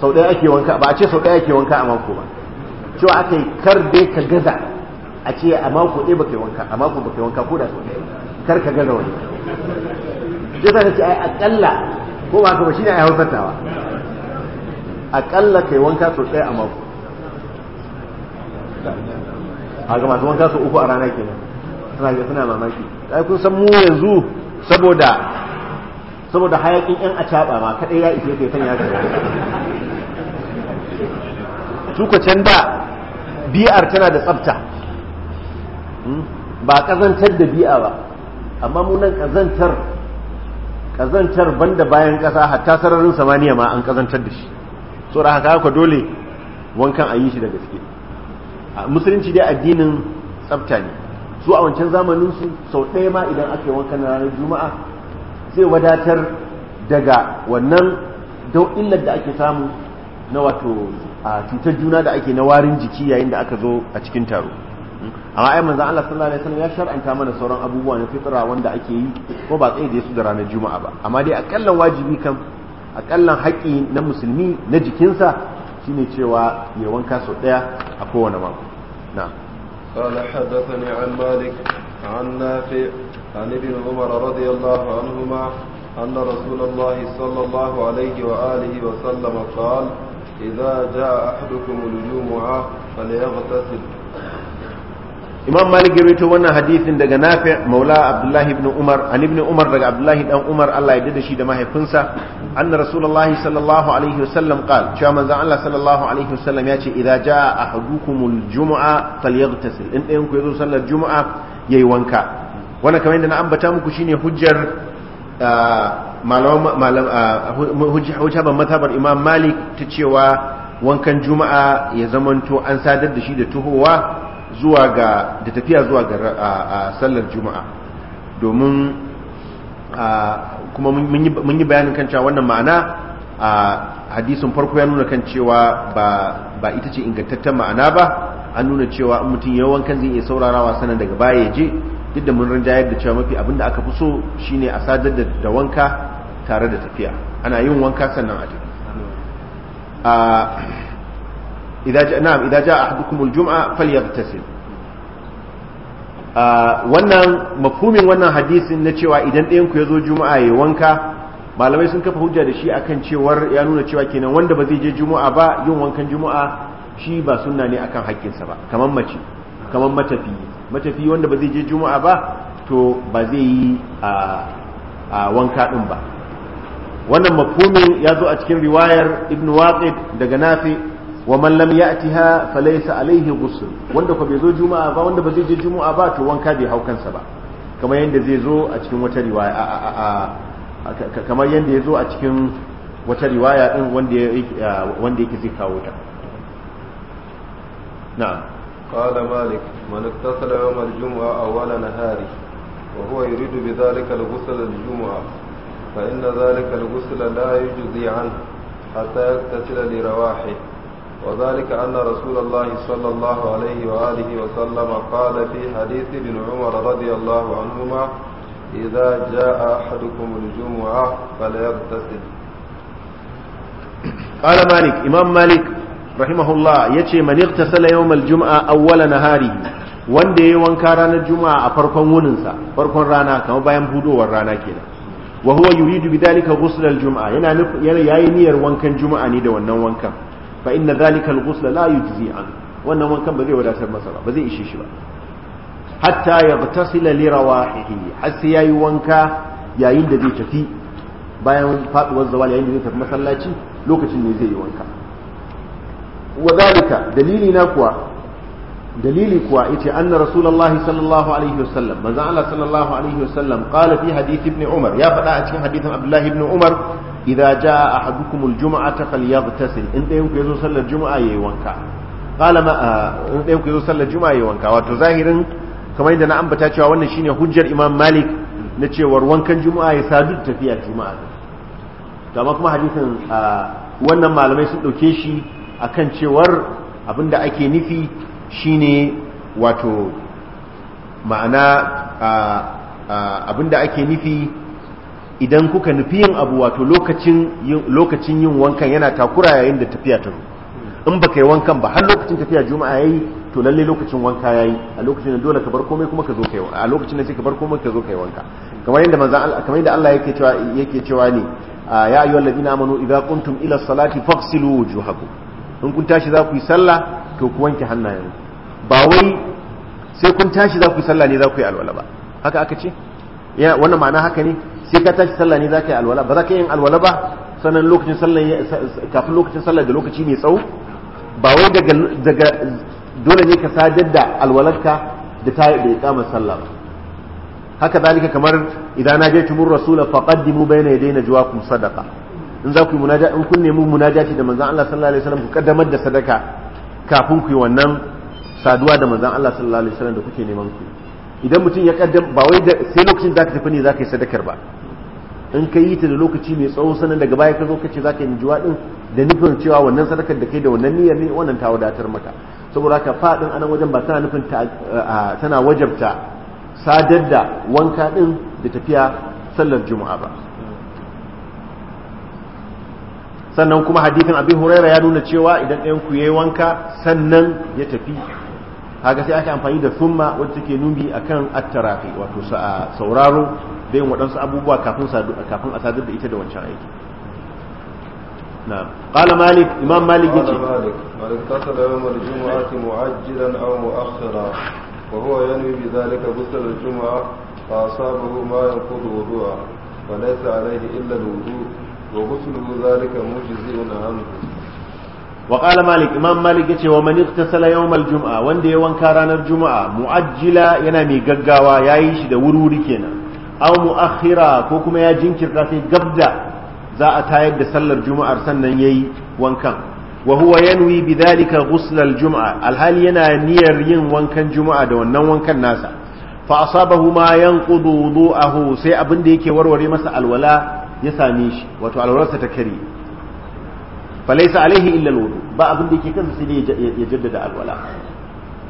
sau ɗaya ake wanka ba a ce sau ɗaya ake wanka a mako ba cewa aka yi kar dai ka gaza a ce a mako ɗaya ba yi wanka a mako ba yi wanka ko da sau ɗaya kar ka gaza wani ya sa ce yi akalla ko ba ba shine ai a kalla kai wanka so ɗaya a mako haka masu wanka so uku a rana kenan suna ga suna mamaki ai kun san mu yanzu saboda saboda hayakin yan caba ma kadai ya ishe kai sanya ka su ko can da biyar tana da tsafta hmm? ba kazantar da bi'a ba amma mu nan kazantar kazantar banda bayan kasa hatta sararin samaniya ma an kazantar da shi so da haka haka dole wankan a yi shi da gaske musulunci dai addinin tsafta ne su a wancan zamanin su sau ɗaya ma idan aka yi wankan ranar juma'a zai wadatar daga wannan don illar da ake samu na wato a cutar juna da ake na warin jiki yayin da aka zo a cikin taro amma ai manzon Allah sallallahu alaihi wasallam ya shar'anta mana sauran abubuwa na fitra wanda ake yi ko ba tsaye da su da ranar juma'a ba amma dai akallan wajibi kam akallan haƙi na musulmi na jikinsa shine cewa ya wanka sau daya a kowane mako na
قال حدثني عن مالك عن نافع عن ابن عمر رضي الله عنهما أن رسول الله صلى الله عليه وآله وسلم قال إذا جاء أحدكم الجمعة فليغتسل
imam malik ya rawaito wannan hadisin daga nafi maula abdullahi ibn umar an ibn umar daga abdullahi dan umar Allah ya dada shi da mahaifinsa anna rasulullahi sallallahu alaihi wasallam qal cewa manzon Allah sallallahu alaihi wasallam ya ce idza jaa ahadukumul jumu'a falyaghtasil in ɗayan ku yazo sallar jumu'a yayi wanka wannan kamar yadda na ambata muku shine hujjar ah, ah, hujjaban matabar imam malik ta cewa wankan juma'a ya zamanto an sadar da shi da tuhowa zuwa ga da tafiya zuwa ga sallar juma'a domin kuma mun yi bayanin kan cewa wannan ma'ana a hadisin farko ya nuna kan cewa ba ita ce ingantattun ma'ana ba an nuna cewa in mutum yawan kan zai iya saurarawa sanan daga baya ya je duk da mun rinjayar da cewa mafi abinda aka fi so shine a sadar da wanka tare da tafiya ana yin wanka sannan a tafi idza ja na'am idza ja ahadukumul jum'a falyaghtasil wannan mafhumin wannan hadisin na cewa idan ɗayan ku yazo juma'a ya wanka malamai sun kafa hujja da shi akan cewar ya nuna cewa kenan wanda ba zai je juma'a ba yin wankan juma'a shi ba sunna ne akan haƙƙinsa ba kamar mace kamar matafi matafi wanda ba zai je juma'a ba to ba zai yi a wanka din ba wannan mafhumin ya zo a cikin riwayar ibn waqid daga nafi wa man lam ya'tiha falaysa alayhi wanda ko bai zo juma'a ba wanda ba zai je juma'a ba to wanka bai hau kansa ba kamar yadda zai zo a cikin wata riwaya a kamar yanda ya zo a cikin wata riwaya din wanda yake zai kawo ta
na'am qala malik man ittasala yawm al-jum'a awwala وهو يريد بذلك الغسل الجمعة فإن ذلك الغسل لا يجزي عنه حتى يغتسل لرواحه وذلك أن رسول الله صلى الله عليه وآله وسلم قال في حديث ابن عمر رضي الله عنهما إذا جاء أحدكم الجمعة فليغتسل
قال مالك إمام مالك رحمه الله يتي من اغتسل يوم الجمعة أول نهاره wanda ya yi wanka ranar juma'a a farkon wuninsa farkon rana kamar bayan budowar rana kenan wa huwa yuridu bidalika ghusl al-jum'a yana yayi niyyar wankan juma'a ne da wannan wankan fa inna dhalika al-ghusl la yujzi an wannan wankan ba zai wadatar masa ba ba zai ishe shi ba hatta yaghtasila li rawahihi har sai yayi wanka yayin da zai tafi bayan faduwar zawal yayin da zai tafi masallaci lokacin ne zai yi wanka wa zalika dalili na kuwa dalili kuwa yace anna rasulullahi sallallahu alaihi wasallam manzo Allah sallallahu alaihi wasallam qala fi hadith ibn umar ya faɗa a cikin hadithin Abdullahi ibn umar idza jaa ahadukum aljum'ata falyaghtasil in dayan ku yazo sallar juma'a yayi wanka qala ma in dayan ku yazo sallar juma'a yayi wanka wato zahirin kamar yadda na ambata cewa wannan shine hujjar imam malik na cewar wankan juma'a ya sadu tafiya juma'a to amma kuma hadisin wannan malamai sun dauke shi akan cewar abinda ake nufi shine wato ma'ana abinda ake nufi idan kuka nufi yin abu wato lokacin yin wankan yana takura yayin da tafiya ta zo in ka yi wankan ba har lokacin tafiya juma'a ya yi to lalle lokacin wanka ya yi. a lokacin da dole ka bar komai kuma ka zo kai a lokacin da ka bar komai ka zo kai wanka kamar yadda manzon Allah kamar yadda Allah yake cewa yake cewa ne ya ayyuhal ladina amanu idza qumtum ila salati faghsilu wujuhakum in kun tashi za ku yi sallah to ku wanke hannayen ba wai sai kun tashi za ku yi sallah ne za ku yi alwala ba haka aka ce ya wannan ma'ana haka ne sai ka tashi sallah ne za ka yi alwala ba za ka yi alwala ba sannan lokacin sallah kafin lokacin sallah da lokaci mai tsawo ba wai daga dole ne ka sadar da alwalarka da ta da iqamar sallah ba haka zalika kamar idan na je tumur rasula faqaddimu bayna yaday najwaakum sadaqa in za ku yi munaja in kun nemi munajati da manzon Allah sallallahu alaihi wasallam ku kaddamar da sadaka kafin ku yi wannan saduwa da manzon Allah sallallahu alaihi wasallam da kuke neman ku idan mutum ya kaddam ba wai sai lokacin da ka tafi ne za ka yi sadakar ba in ka yi ta da lokaci mai tsawo sannan daga baya ka zo ka ce za ka yi juwa da nufin cewa wannan sadakar da kai da wannan niyyar ne wannan ta wadatar maka saboda haka faɗin anan wajen ba tana nufin tana wajabta sadar da wanka ɗin da tafiya sallar juma'a ba sannan kuma hadifin abin huraira ya nuna cewa idan ɗayan ku yayi wanka sannan ya tafi haka sai ake amfani da summa wacce take numi akan attarafi wato sauraro da yin waɗansu abubuwa kafin a sadar da ita da wancan aiki
na ƙala malik imam malik ya ce وهو ينوي بذلك غسل الجمعة فأصابه ما ينقض وضوءه فليس عليه إلا الوضوء وغسله ذلك عنه
وقال مالك امام مالك yace wa اغتسل يوم yawm al wanda yayi wanka ranar juma'a mu'ajjila yana mai gaggawa yi shi da wuri-wuri kenan aw mu'akhira ko kuma ya jinkirta sai gabda za a tayar da sallar juma'ar sannan yayi wankan wa huwa yanwi bidhalika ghusl al-jum'a alhali yana niyyar yin wankan juma'a da wannan wankan nasa fa asabahu ma yanqudu wudu'ahu sai abin da yake warware masa alwala ya same shi wato alwalarsa ta kare fa laysa alaihi illa al ba abin da yake kansa sai ya jaddada alwala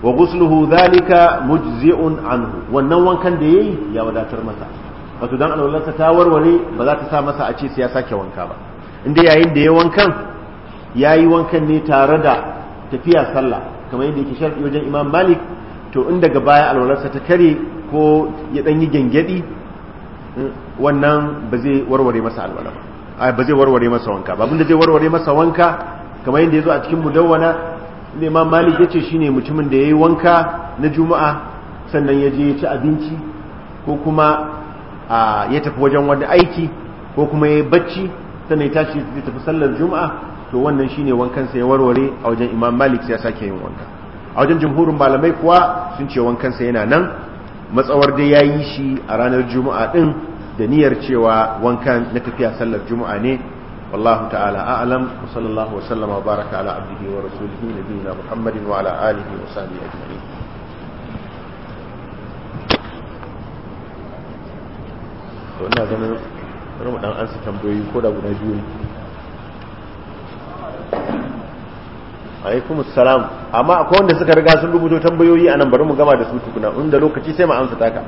wa gusluhu dhalika mujzi'un anhu wannan wankan da yayi ya wadatar masa wato dan alwalarsa ta warware ba za ta sa masa a ce sai ya sake wanka ba inda yayin da ya wankan yayi wankan ne tare da tafiya sallah kamar yadda yake sharhi wajen Imam Malik to in daga baya alwalarsa ta kare ko ya dan yi gengedi wannan ba zai warware masa alwala ba ba zai warware masa wanka ba abinda zai warware masa wanka kamar yadda ya zo a cikin mudawwana imam malik ya ce shine mutumin da ya yi wanka na juma'a sannan ya je ya ci abinci ko kuma ya tafi wajen wani aiki ko kuma ya yi bacci sannan ya tashi ya tafi sallar juma'a to wannan shine wankansa ya warware a wajen imam malik sai ya sake yin wanka a wajen jumhurin malamai kuwa sun ce wankansa yana nan matsawar dai ya yi shi a ranar juma'a din da niyyar cewa wankan na tafiya sallar juma'a ne والله تعالى أعلم وصلى الله وسلم وبارك على عبده ورسوله نبينا محمد وعلى آله وصحبه أجمعين wannan ganin ramadan an su tambayoyi ko da guda biyu ne alaikum assalam amma akwai wanda suka riga sun rubuta tambayoyi a nan bari mu gama da su tukuna inda lokaci sai mu amsa taka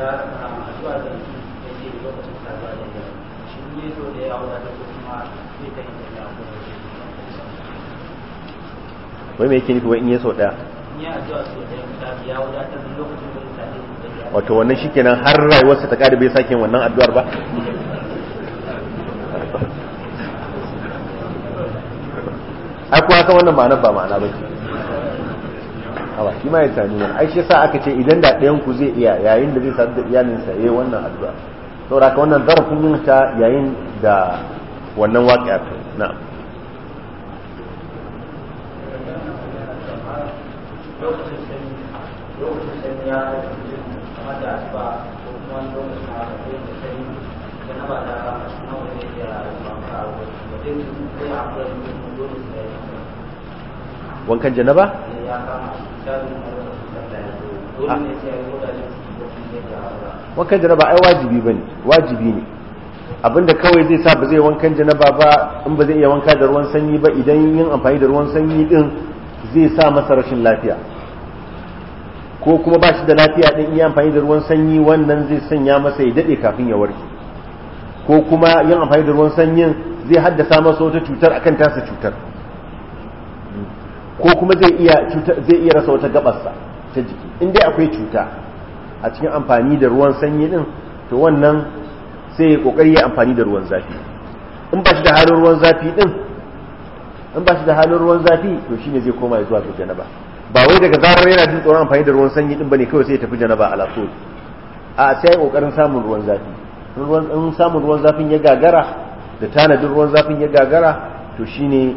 ga addu'a da kuma zai yi
wai me yake in yi sau daya wato wannan shikenan har rayuwarsa ta kada bai sake wannan addu'ar ba Akwai haka wannan ma'anar ba ma'ana ba ke. sha'awa shi ma ya tani wani ai shi sa aka ce idan da ɗayan ku zai iya yayin da zai sadu da iyalin sa yayi wannan addu'a saboda ka wannan zarafin yin ta yayin da wannan waƙiya ta na
wankan janaba
wankan janaba ai wajibi ba ne wajibi ne abinda kawai zai sa ba zai wankan janaba ba in ba zai iya wanka da ruwan sanyi ba idan yin amfani da ruwan sanyi din zai sa masa rashin lafiya ko kuma ba shi da lafiya din iya amfani da ruwan sanyi wannan zai sanya masa ya daɗe kafin ya warke ko kuma yin amfani da ruwan sanyin zai haddasa masa wata cutar akan tasa cutar ko kuma zai iya zai iya rasa wata gabarsa ta jiki in dai akwai cuta a cikin amfani da ruwan sanyi din to wannan sai ya kokari ya amfani da ruwan zafi in ba shi da halin ruwan zafi din in ba shi da halin ruwan zafi to shine zai koma zuwa ga janaba ba wai daga zarar yana jin tsoron amfani da ruwan sanyi din bane kawai sai ya tafi janaba ala so a sai kokarin samun ruwan zafi in samun ruwan zafin ya gagara da tanadin ruwan zafin ya gagara to shine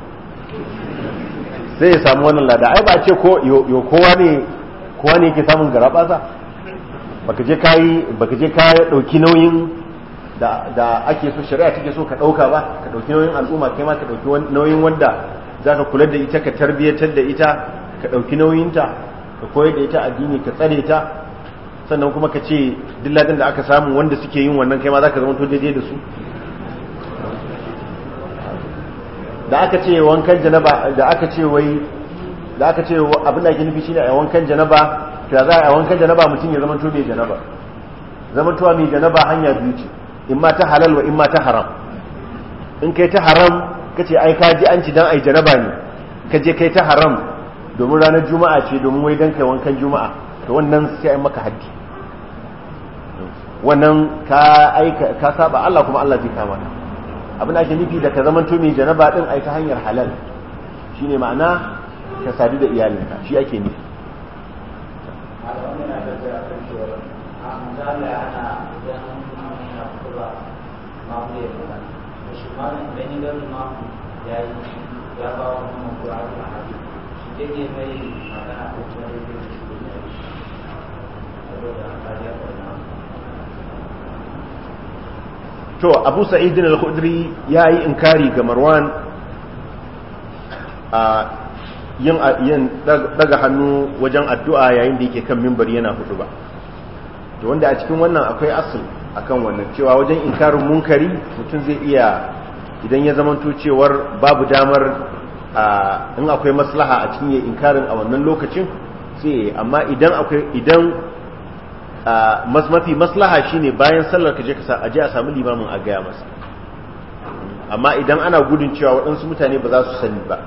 sai ya samu wannan lada ai ba ce ko yo kowa ne kowa ne yake samun garabasa baka je kai baka je ka dauki nauyin da da ake so shari'a take so ka dauka ba ka dauki nauyin al'umma kai ma ka dauki nauyin wanda zaka kula da ita ka tarbiyatar da ita ka dauki nauyinta ka koyar da ita addini ka tsare ta sannan kuma ka ce duk da aka samu wanda suke yin wannan kai ma zaka zama to daidai da su da aka ce wankan janaba da aka ce wai da aka ce abin da ake nufi shine a wankan janaba ta za a wankan janaba mutum ya zama tobe janaba zama tuwa mai janaba hanya biyu ce in ma ta halal wa in ma ta haram in kai ta haram ka ce ai ka ji an ci dan ai janaba ne ka je kai ta haram domin ranar juma'a ce domin wai dan kai wankan juma'a to wannan sai ai maka haddi wannan ka aika ka saba Allah kuma Allah zai kama ka abin da ake nufi da ka zamanto mai janaba din ai ta hanyar halal shine ma'ana ka sadu da iyalinka shi ake nufi Thank you. to abu sa'idin al-khudri ya yi inkari ga marwan a yin daga hannu wajen addu'a yayin da yake kan mimbar yana hudu ba to wanda a cikin wannan akwai a akan wannan cewa wajen inkarin munkari mutum zai iya idan ya zamanto cewar babu damar in akwai maslaha a cikin ya inkarin a wannan lokacin sai amma idan akwai idan mafi maslaha shine bayan sallar ka je ka aje a samu limamin a gaya masa amma idan ana gudun cewa waɗansu mutane ba za su sani ba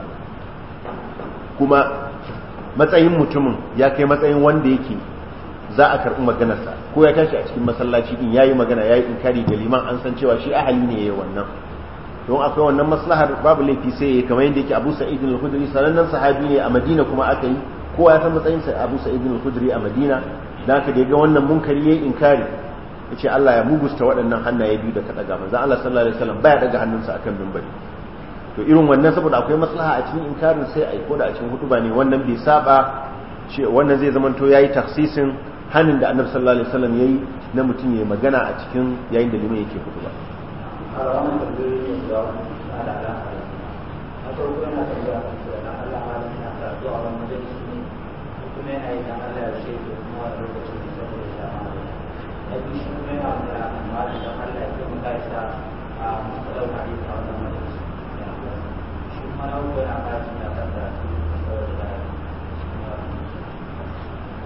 kuma matsayin mutumin ya kai matsayin wanda yake za a karɓi maganarsa ko ya tashi a cikin masallaci in yayi magana ya yi inkari da liman an san cewa shi ahali ne yayi wannan don akwai wannan maslahar babu laifi sai yayi kamar yadda yake Abu Sa'id al-Khudri sanannen sahabi ne a Madina kuma aka yi kowa ya san matsayin Abu Sa'id al-Khudri a Madina da aka daga ga wannan munkari kari. inkari ce Allah ya mugusta waɗannan hannaye biyu da ka daga manzo Allah sallallahu alaihi wasallam baya daga hannunsa kan minbari to irin wannan saboda akwai maslaha a cikin inkarin sai yi ko da a cikin hutuba ne wannan bai saba ce wannan zai zama to yi taksisin hannun da annabi sallallahu alaihi wasallam yayi na mutum ya magana a cikin yayin da liman yake hutuba a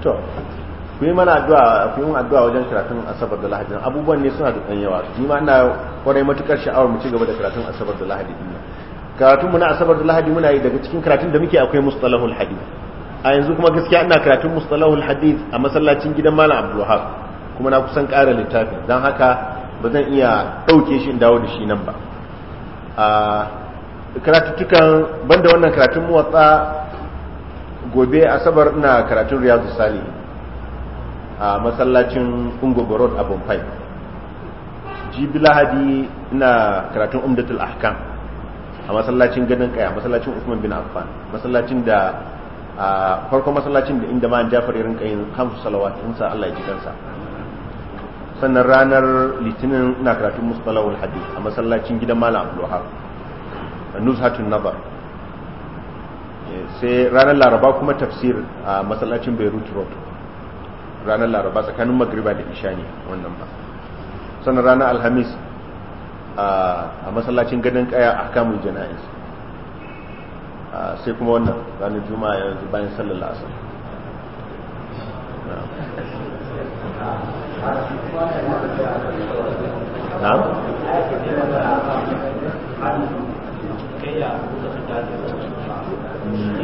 to ku yi mana addu'a ku yi addu'a wajen karatun asabar da lahadin abubuwan ne suna da ɗan yawa ni ma ina kwarai matukar sha'awar mu ci gaba da karatun asabar da lahadin karatun mu na asabar da lahadi muna yi daga cikin karatun da muke akwai mustalahul hadith a yanzu kuma gaskiya ina karatun mustalahul hadith a masallacin gidan malam abdulwahab kuma na kusan ƙara littafi don haka ba zan iya ɗauke shi in dawo da shi nan ba a karatuttukan banda wannan karatun muwatsa gobe asabar ina karatun riyadu sali a masallacin ungogo a bombay jibi lahadi ina karatun umdatul ahkam a masallacin gadon kaya masallacin usman bin affan masallacin da a farkon masallacin da inda ma'an jafar irin kayin hamsu sa Allah ya ji kansa sannan ranar litinin na karatun mustalawul hadith a masallacin gidan malam abdulwahab nuzhatun nabar sai ranar laraba kuma tafsir a masallacin beirut road ranar laraba tsakanin magriba da isha ne wannan ba sannan ranar alhamis a masallacin gadon kaya a kamun jana'iz Ah, sai kuma wannan ranar juma'a yanzu bayan sallar asar
ya hmm.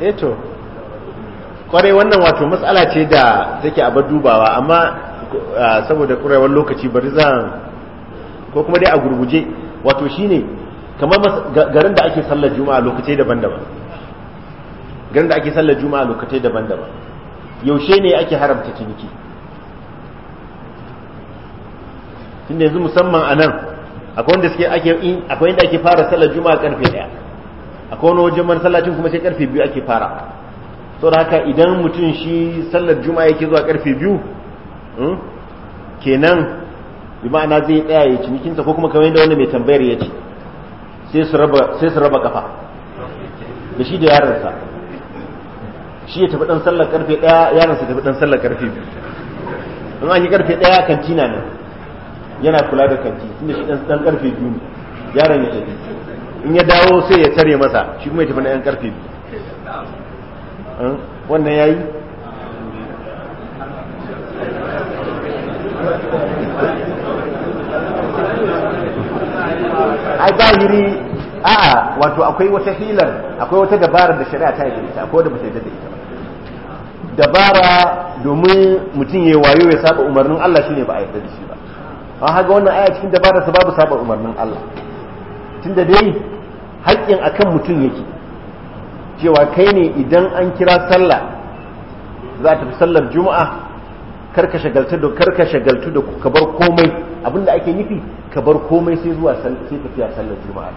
eto eh
kwarai wannan wato matsala ce da take abar dubawa amma saboda kurewar lokaci bari zan ko kuma dai a gurguje wato shine kamar garin da ake sallar juma'a lokacin daban-daban garin da ake sallar juma'a lokacin daban-daban yaushe ne ake haramta ciniki tunda yanzu musamman a nan akwai wanda suke ake akwai inda ake fara sallar juma'a karfe 1 akwai wani wajen sallacin kuma sai karfe 2 ake fara saboda haka idan mutum shi sallar juma'a yake zuwa karfe biyu hmm, kenan bi ma'ana zai tsaya ya cinikinsa ko kuma kamar yadda wanda mai tambayar ya ce sai su raba kafa da shi da yaransa shi ya tafi dan sallar karfe daya yaransa tafi dan sallar karfe biyu in an yi karfe daya kantina ne yana kula da kanti tunda shi dan karfe biyu ne yaron ya tafi in ya dawo sai ya tare masa shi kuma ya tafi na yan karfe biyu Eh? wannan ya yi a zahiri a'a wato akwai wata hilar akwai wata dabara da shari'a ta yi ita ko da ba ta yi da ita dabara domin mutum ya wayo ya saba umarnin Allah shine ba a yarda da shi ba an haga wannan aya cikin dabararsa babu saba umarnin Allah tunda dai haƙƙin akan mutum yake cewa kai ne idan an kira sallah za ta fi sallar juma'a karka shagaltu da karka shagaltu da ka bar komai abinda ake nufi ka bar komai sai zuwa sai tafiya sallar juma'a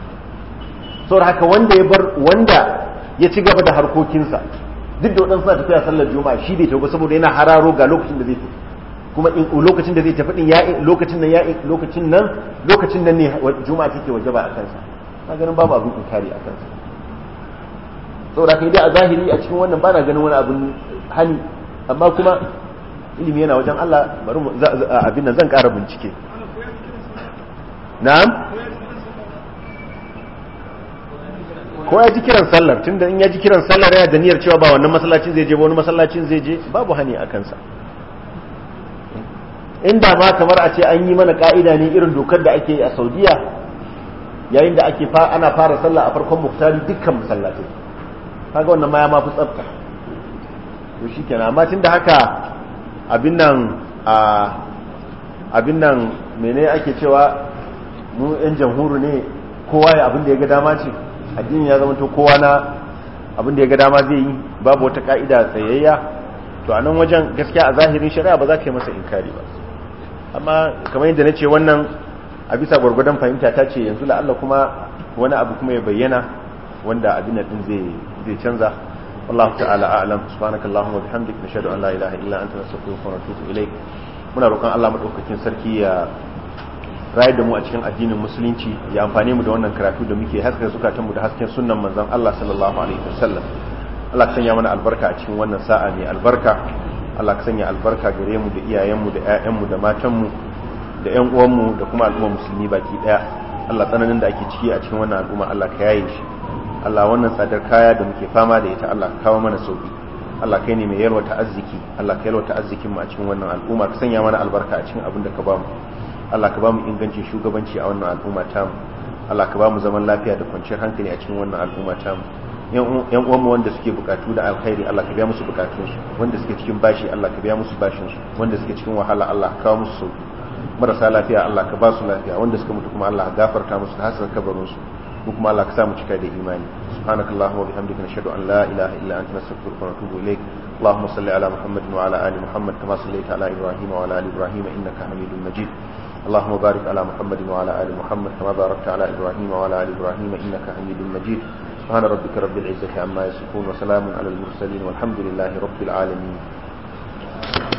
da haka wanda ya bar wanda ya ci gaba da harkokinsa duk da waɗansu na tafiya sallar juma'a shi bai tafi saboda yana hararo ga lokacin da zai tafi kuma in lokacin da zai tafi din ya lokacin nan ya lokacin nan lokacin nan ne juma'a take wajaba a kansa na ganin babu abin kare a kansa saboda kai dai a zahiri a cikin wannan bana ganin wani abin hani amma kuma ilimi yana wajen Allah bari mu abin nan zan ƙara bincike na'am ko ya ji kiran sallar tunda in ya ji kiran sallar yana da niyyar cewa ba wannan masallacin zai je ba wani masallacin zai je babu hani a kansa inda ma kamar a ce an yi mana ka'ida ne irin dokar da ake yi a saudiya yayin da ake ana fara sallah a farkon muktari dukkan masallatai kaga wannan ma ya ma fi tsafta to kenan amma tunda haka abin nan abin nan mene ake cewa mu yan jamhuru ne kowa ya abin da ya ga dama ce addini ya zama to kowa na abin da ya ga dama zai yi babu wata ka'ida tsayayya to a nan wajen gaskiya a zahirin shari'a ba za ka yi masa inkari ba amma kamar yadda na ce wannan a bisa gwargwadon fahimta ta ce yanzu la'alla kuma wani abu kuma ya bayyana wanda abin din zai zai canza wallahu ta'ala a'lam subhanakallahumma wa bihamdika nashhadu an la ilaha illa anta nastaghfiruka wa natubu ilayk muna roƙon Allah madaukakin sarki ya rayar da mu a cikin addinin musulunci ya amfane mu da wannan karatu da muke haskaka mu da hasken sunnan manzon Allah sallallahu alaihi wasallam Allah ka sanya mana albarka a cikin wannan sa'a mai albarka Allah ka sanya albarka gare mu da mu da mu da mu da ƴan mu da kuma al'umma musulmi baki daya Allah tsananin da ake ciki a cikin wannan al'umma Allah ka yaye shi Allah wannan tsadar kaya da muke fama da ita Allah kawo mana sauki Allah kai ne mai ta arziki Allah ka ta arzikin mu a cikin wannan al'umma ka sanya mana albarka a cikin abin da ka bamu Allah ka bamu ingancin shugabanci a wannan al'umma ta mu Allah ka bamu zaman lafiya da kwanciyar hankali a cikin wannan al'umma ta mu yan uwan mu wanda suke bukatu da alkhairi Allah ka biya musu bukatun su wanda suke cikin bashi Allah ka biya musu bashin su wanda suke cikin wahala Allah ka kawo musu sauki marasa lafiya Allah ka ba su lafiya wanda suka mutu kuma Allah gafarta musu da hasar kabarin su kuma Allah ka sa mu cika da imani subhanak allahumma wa bihamdika nashhadu an la ilaha illa anta nastaghfiruka wa natubu ilayk allahumma salli ala muhammad wa ala ali muhammad kama sallaita ala ibrahim wa ala ali ibrahim innaka hamidum majid allahumma barik ala muhammad wa ala ali muhammad kama barakta ala ibrahim ala ali ibrahim innaka hamidum majid سبحان ربك رب العزة عما يصفون وسلام على المرسلين والحمد لله رب العالمين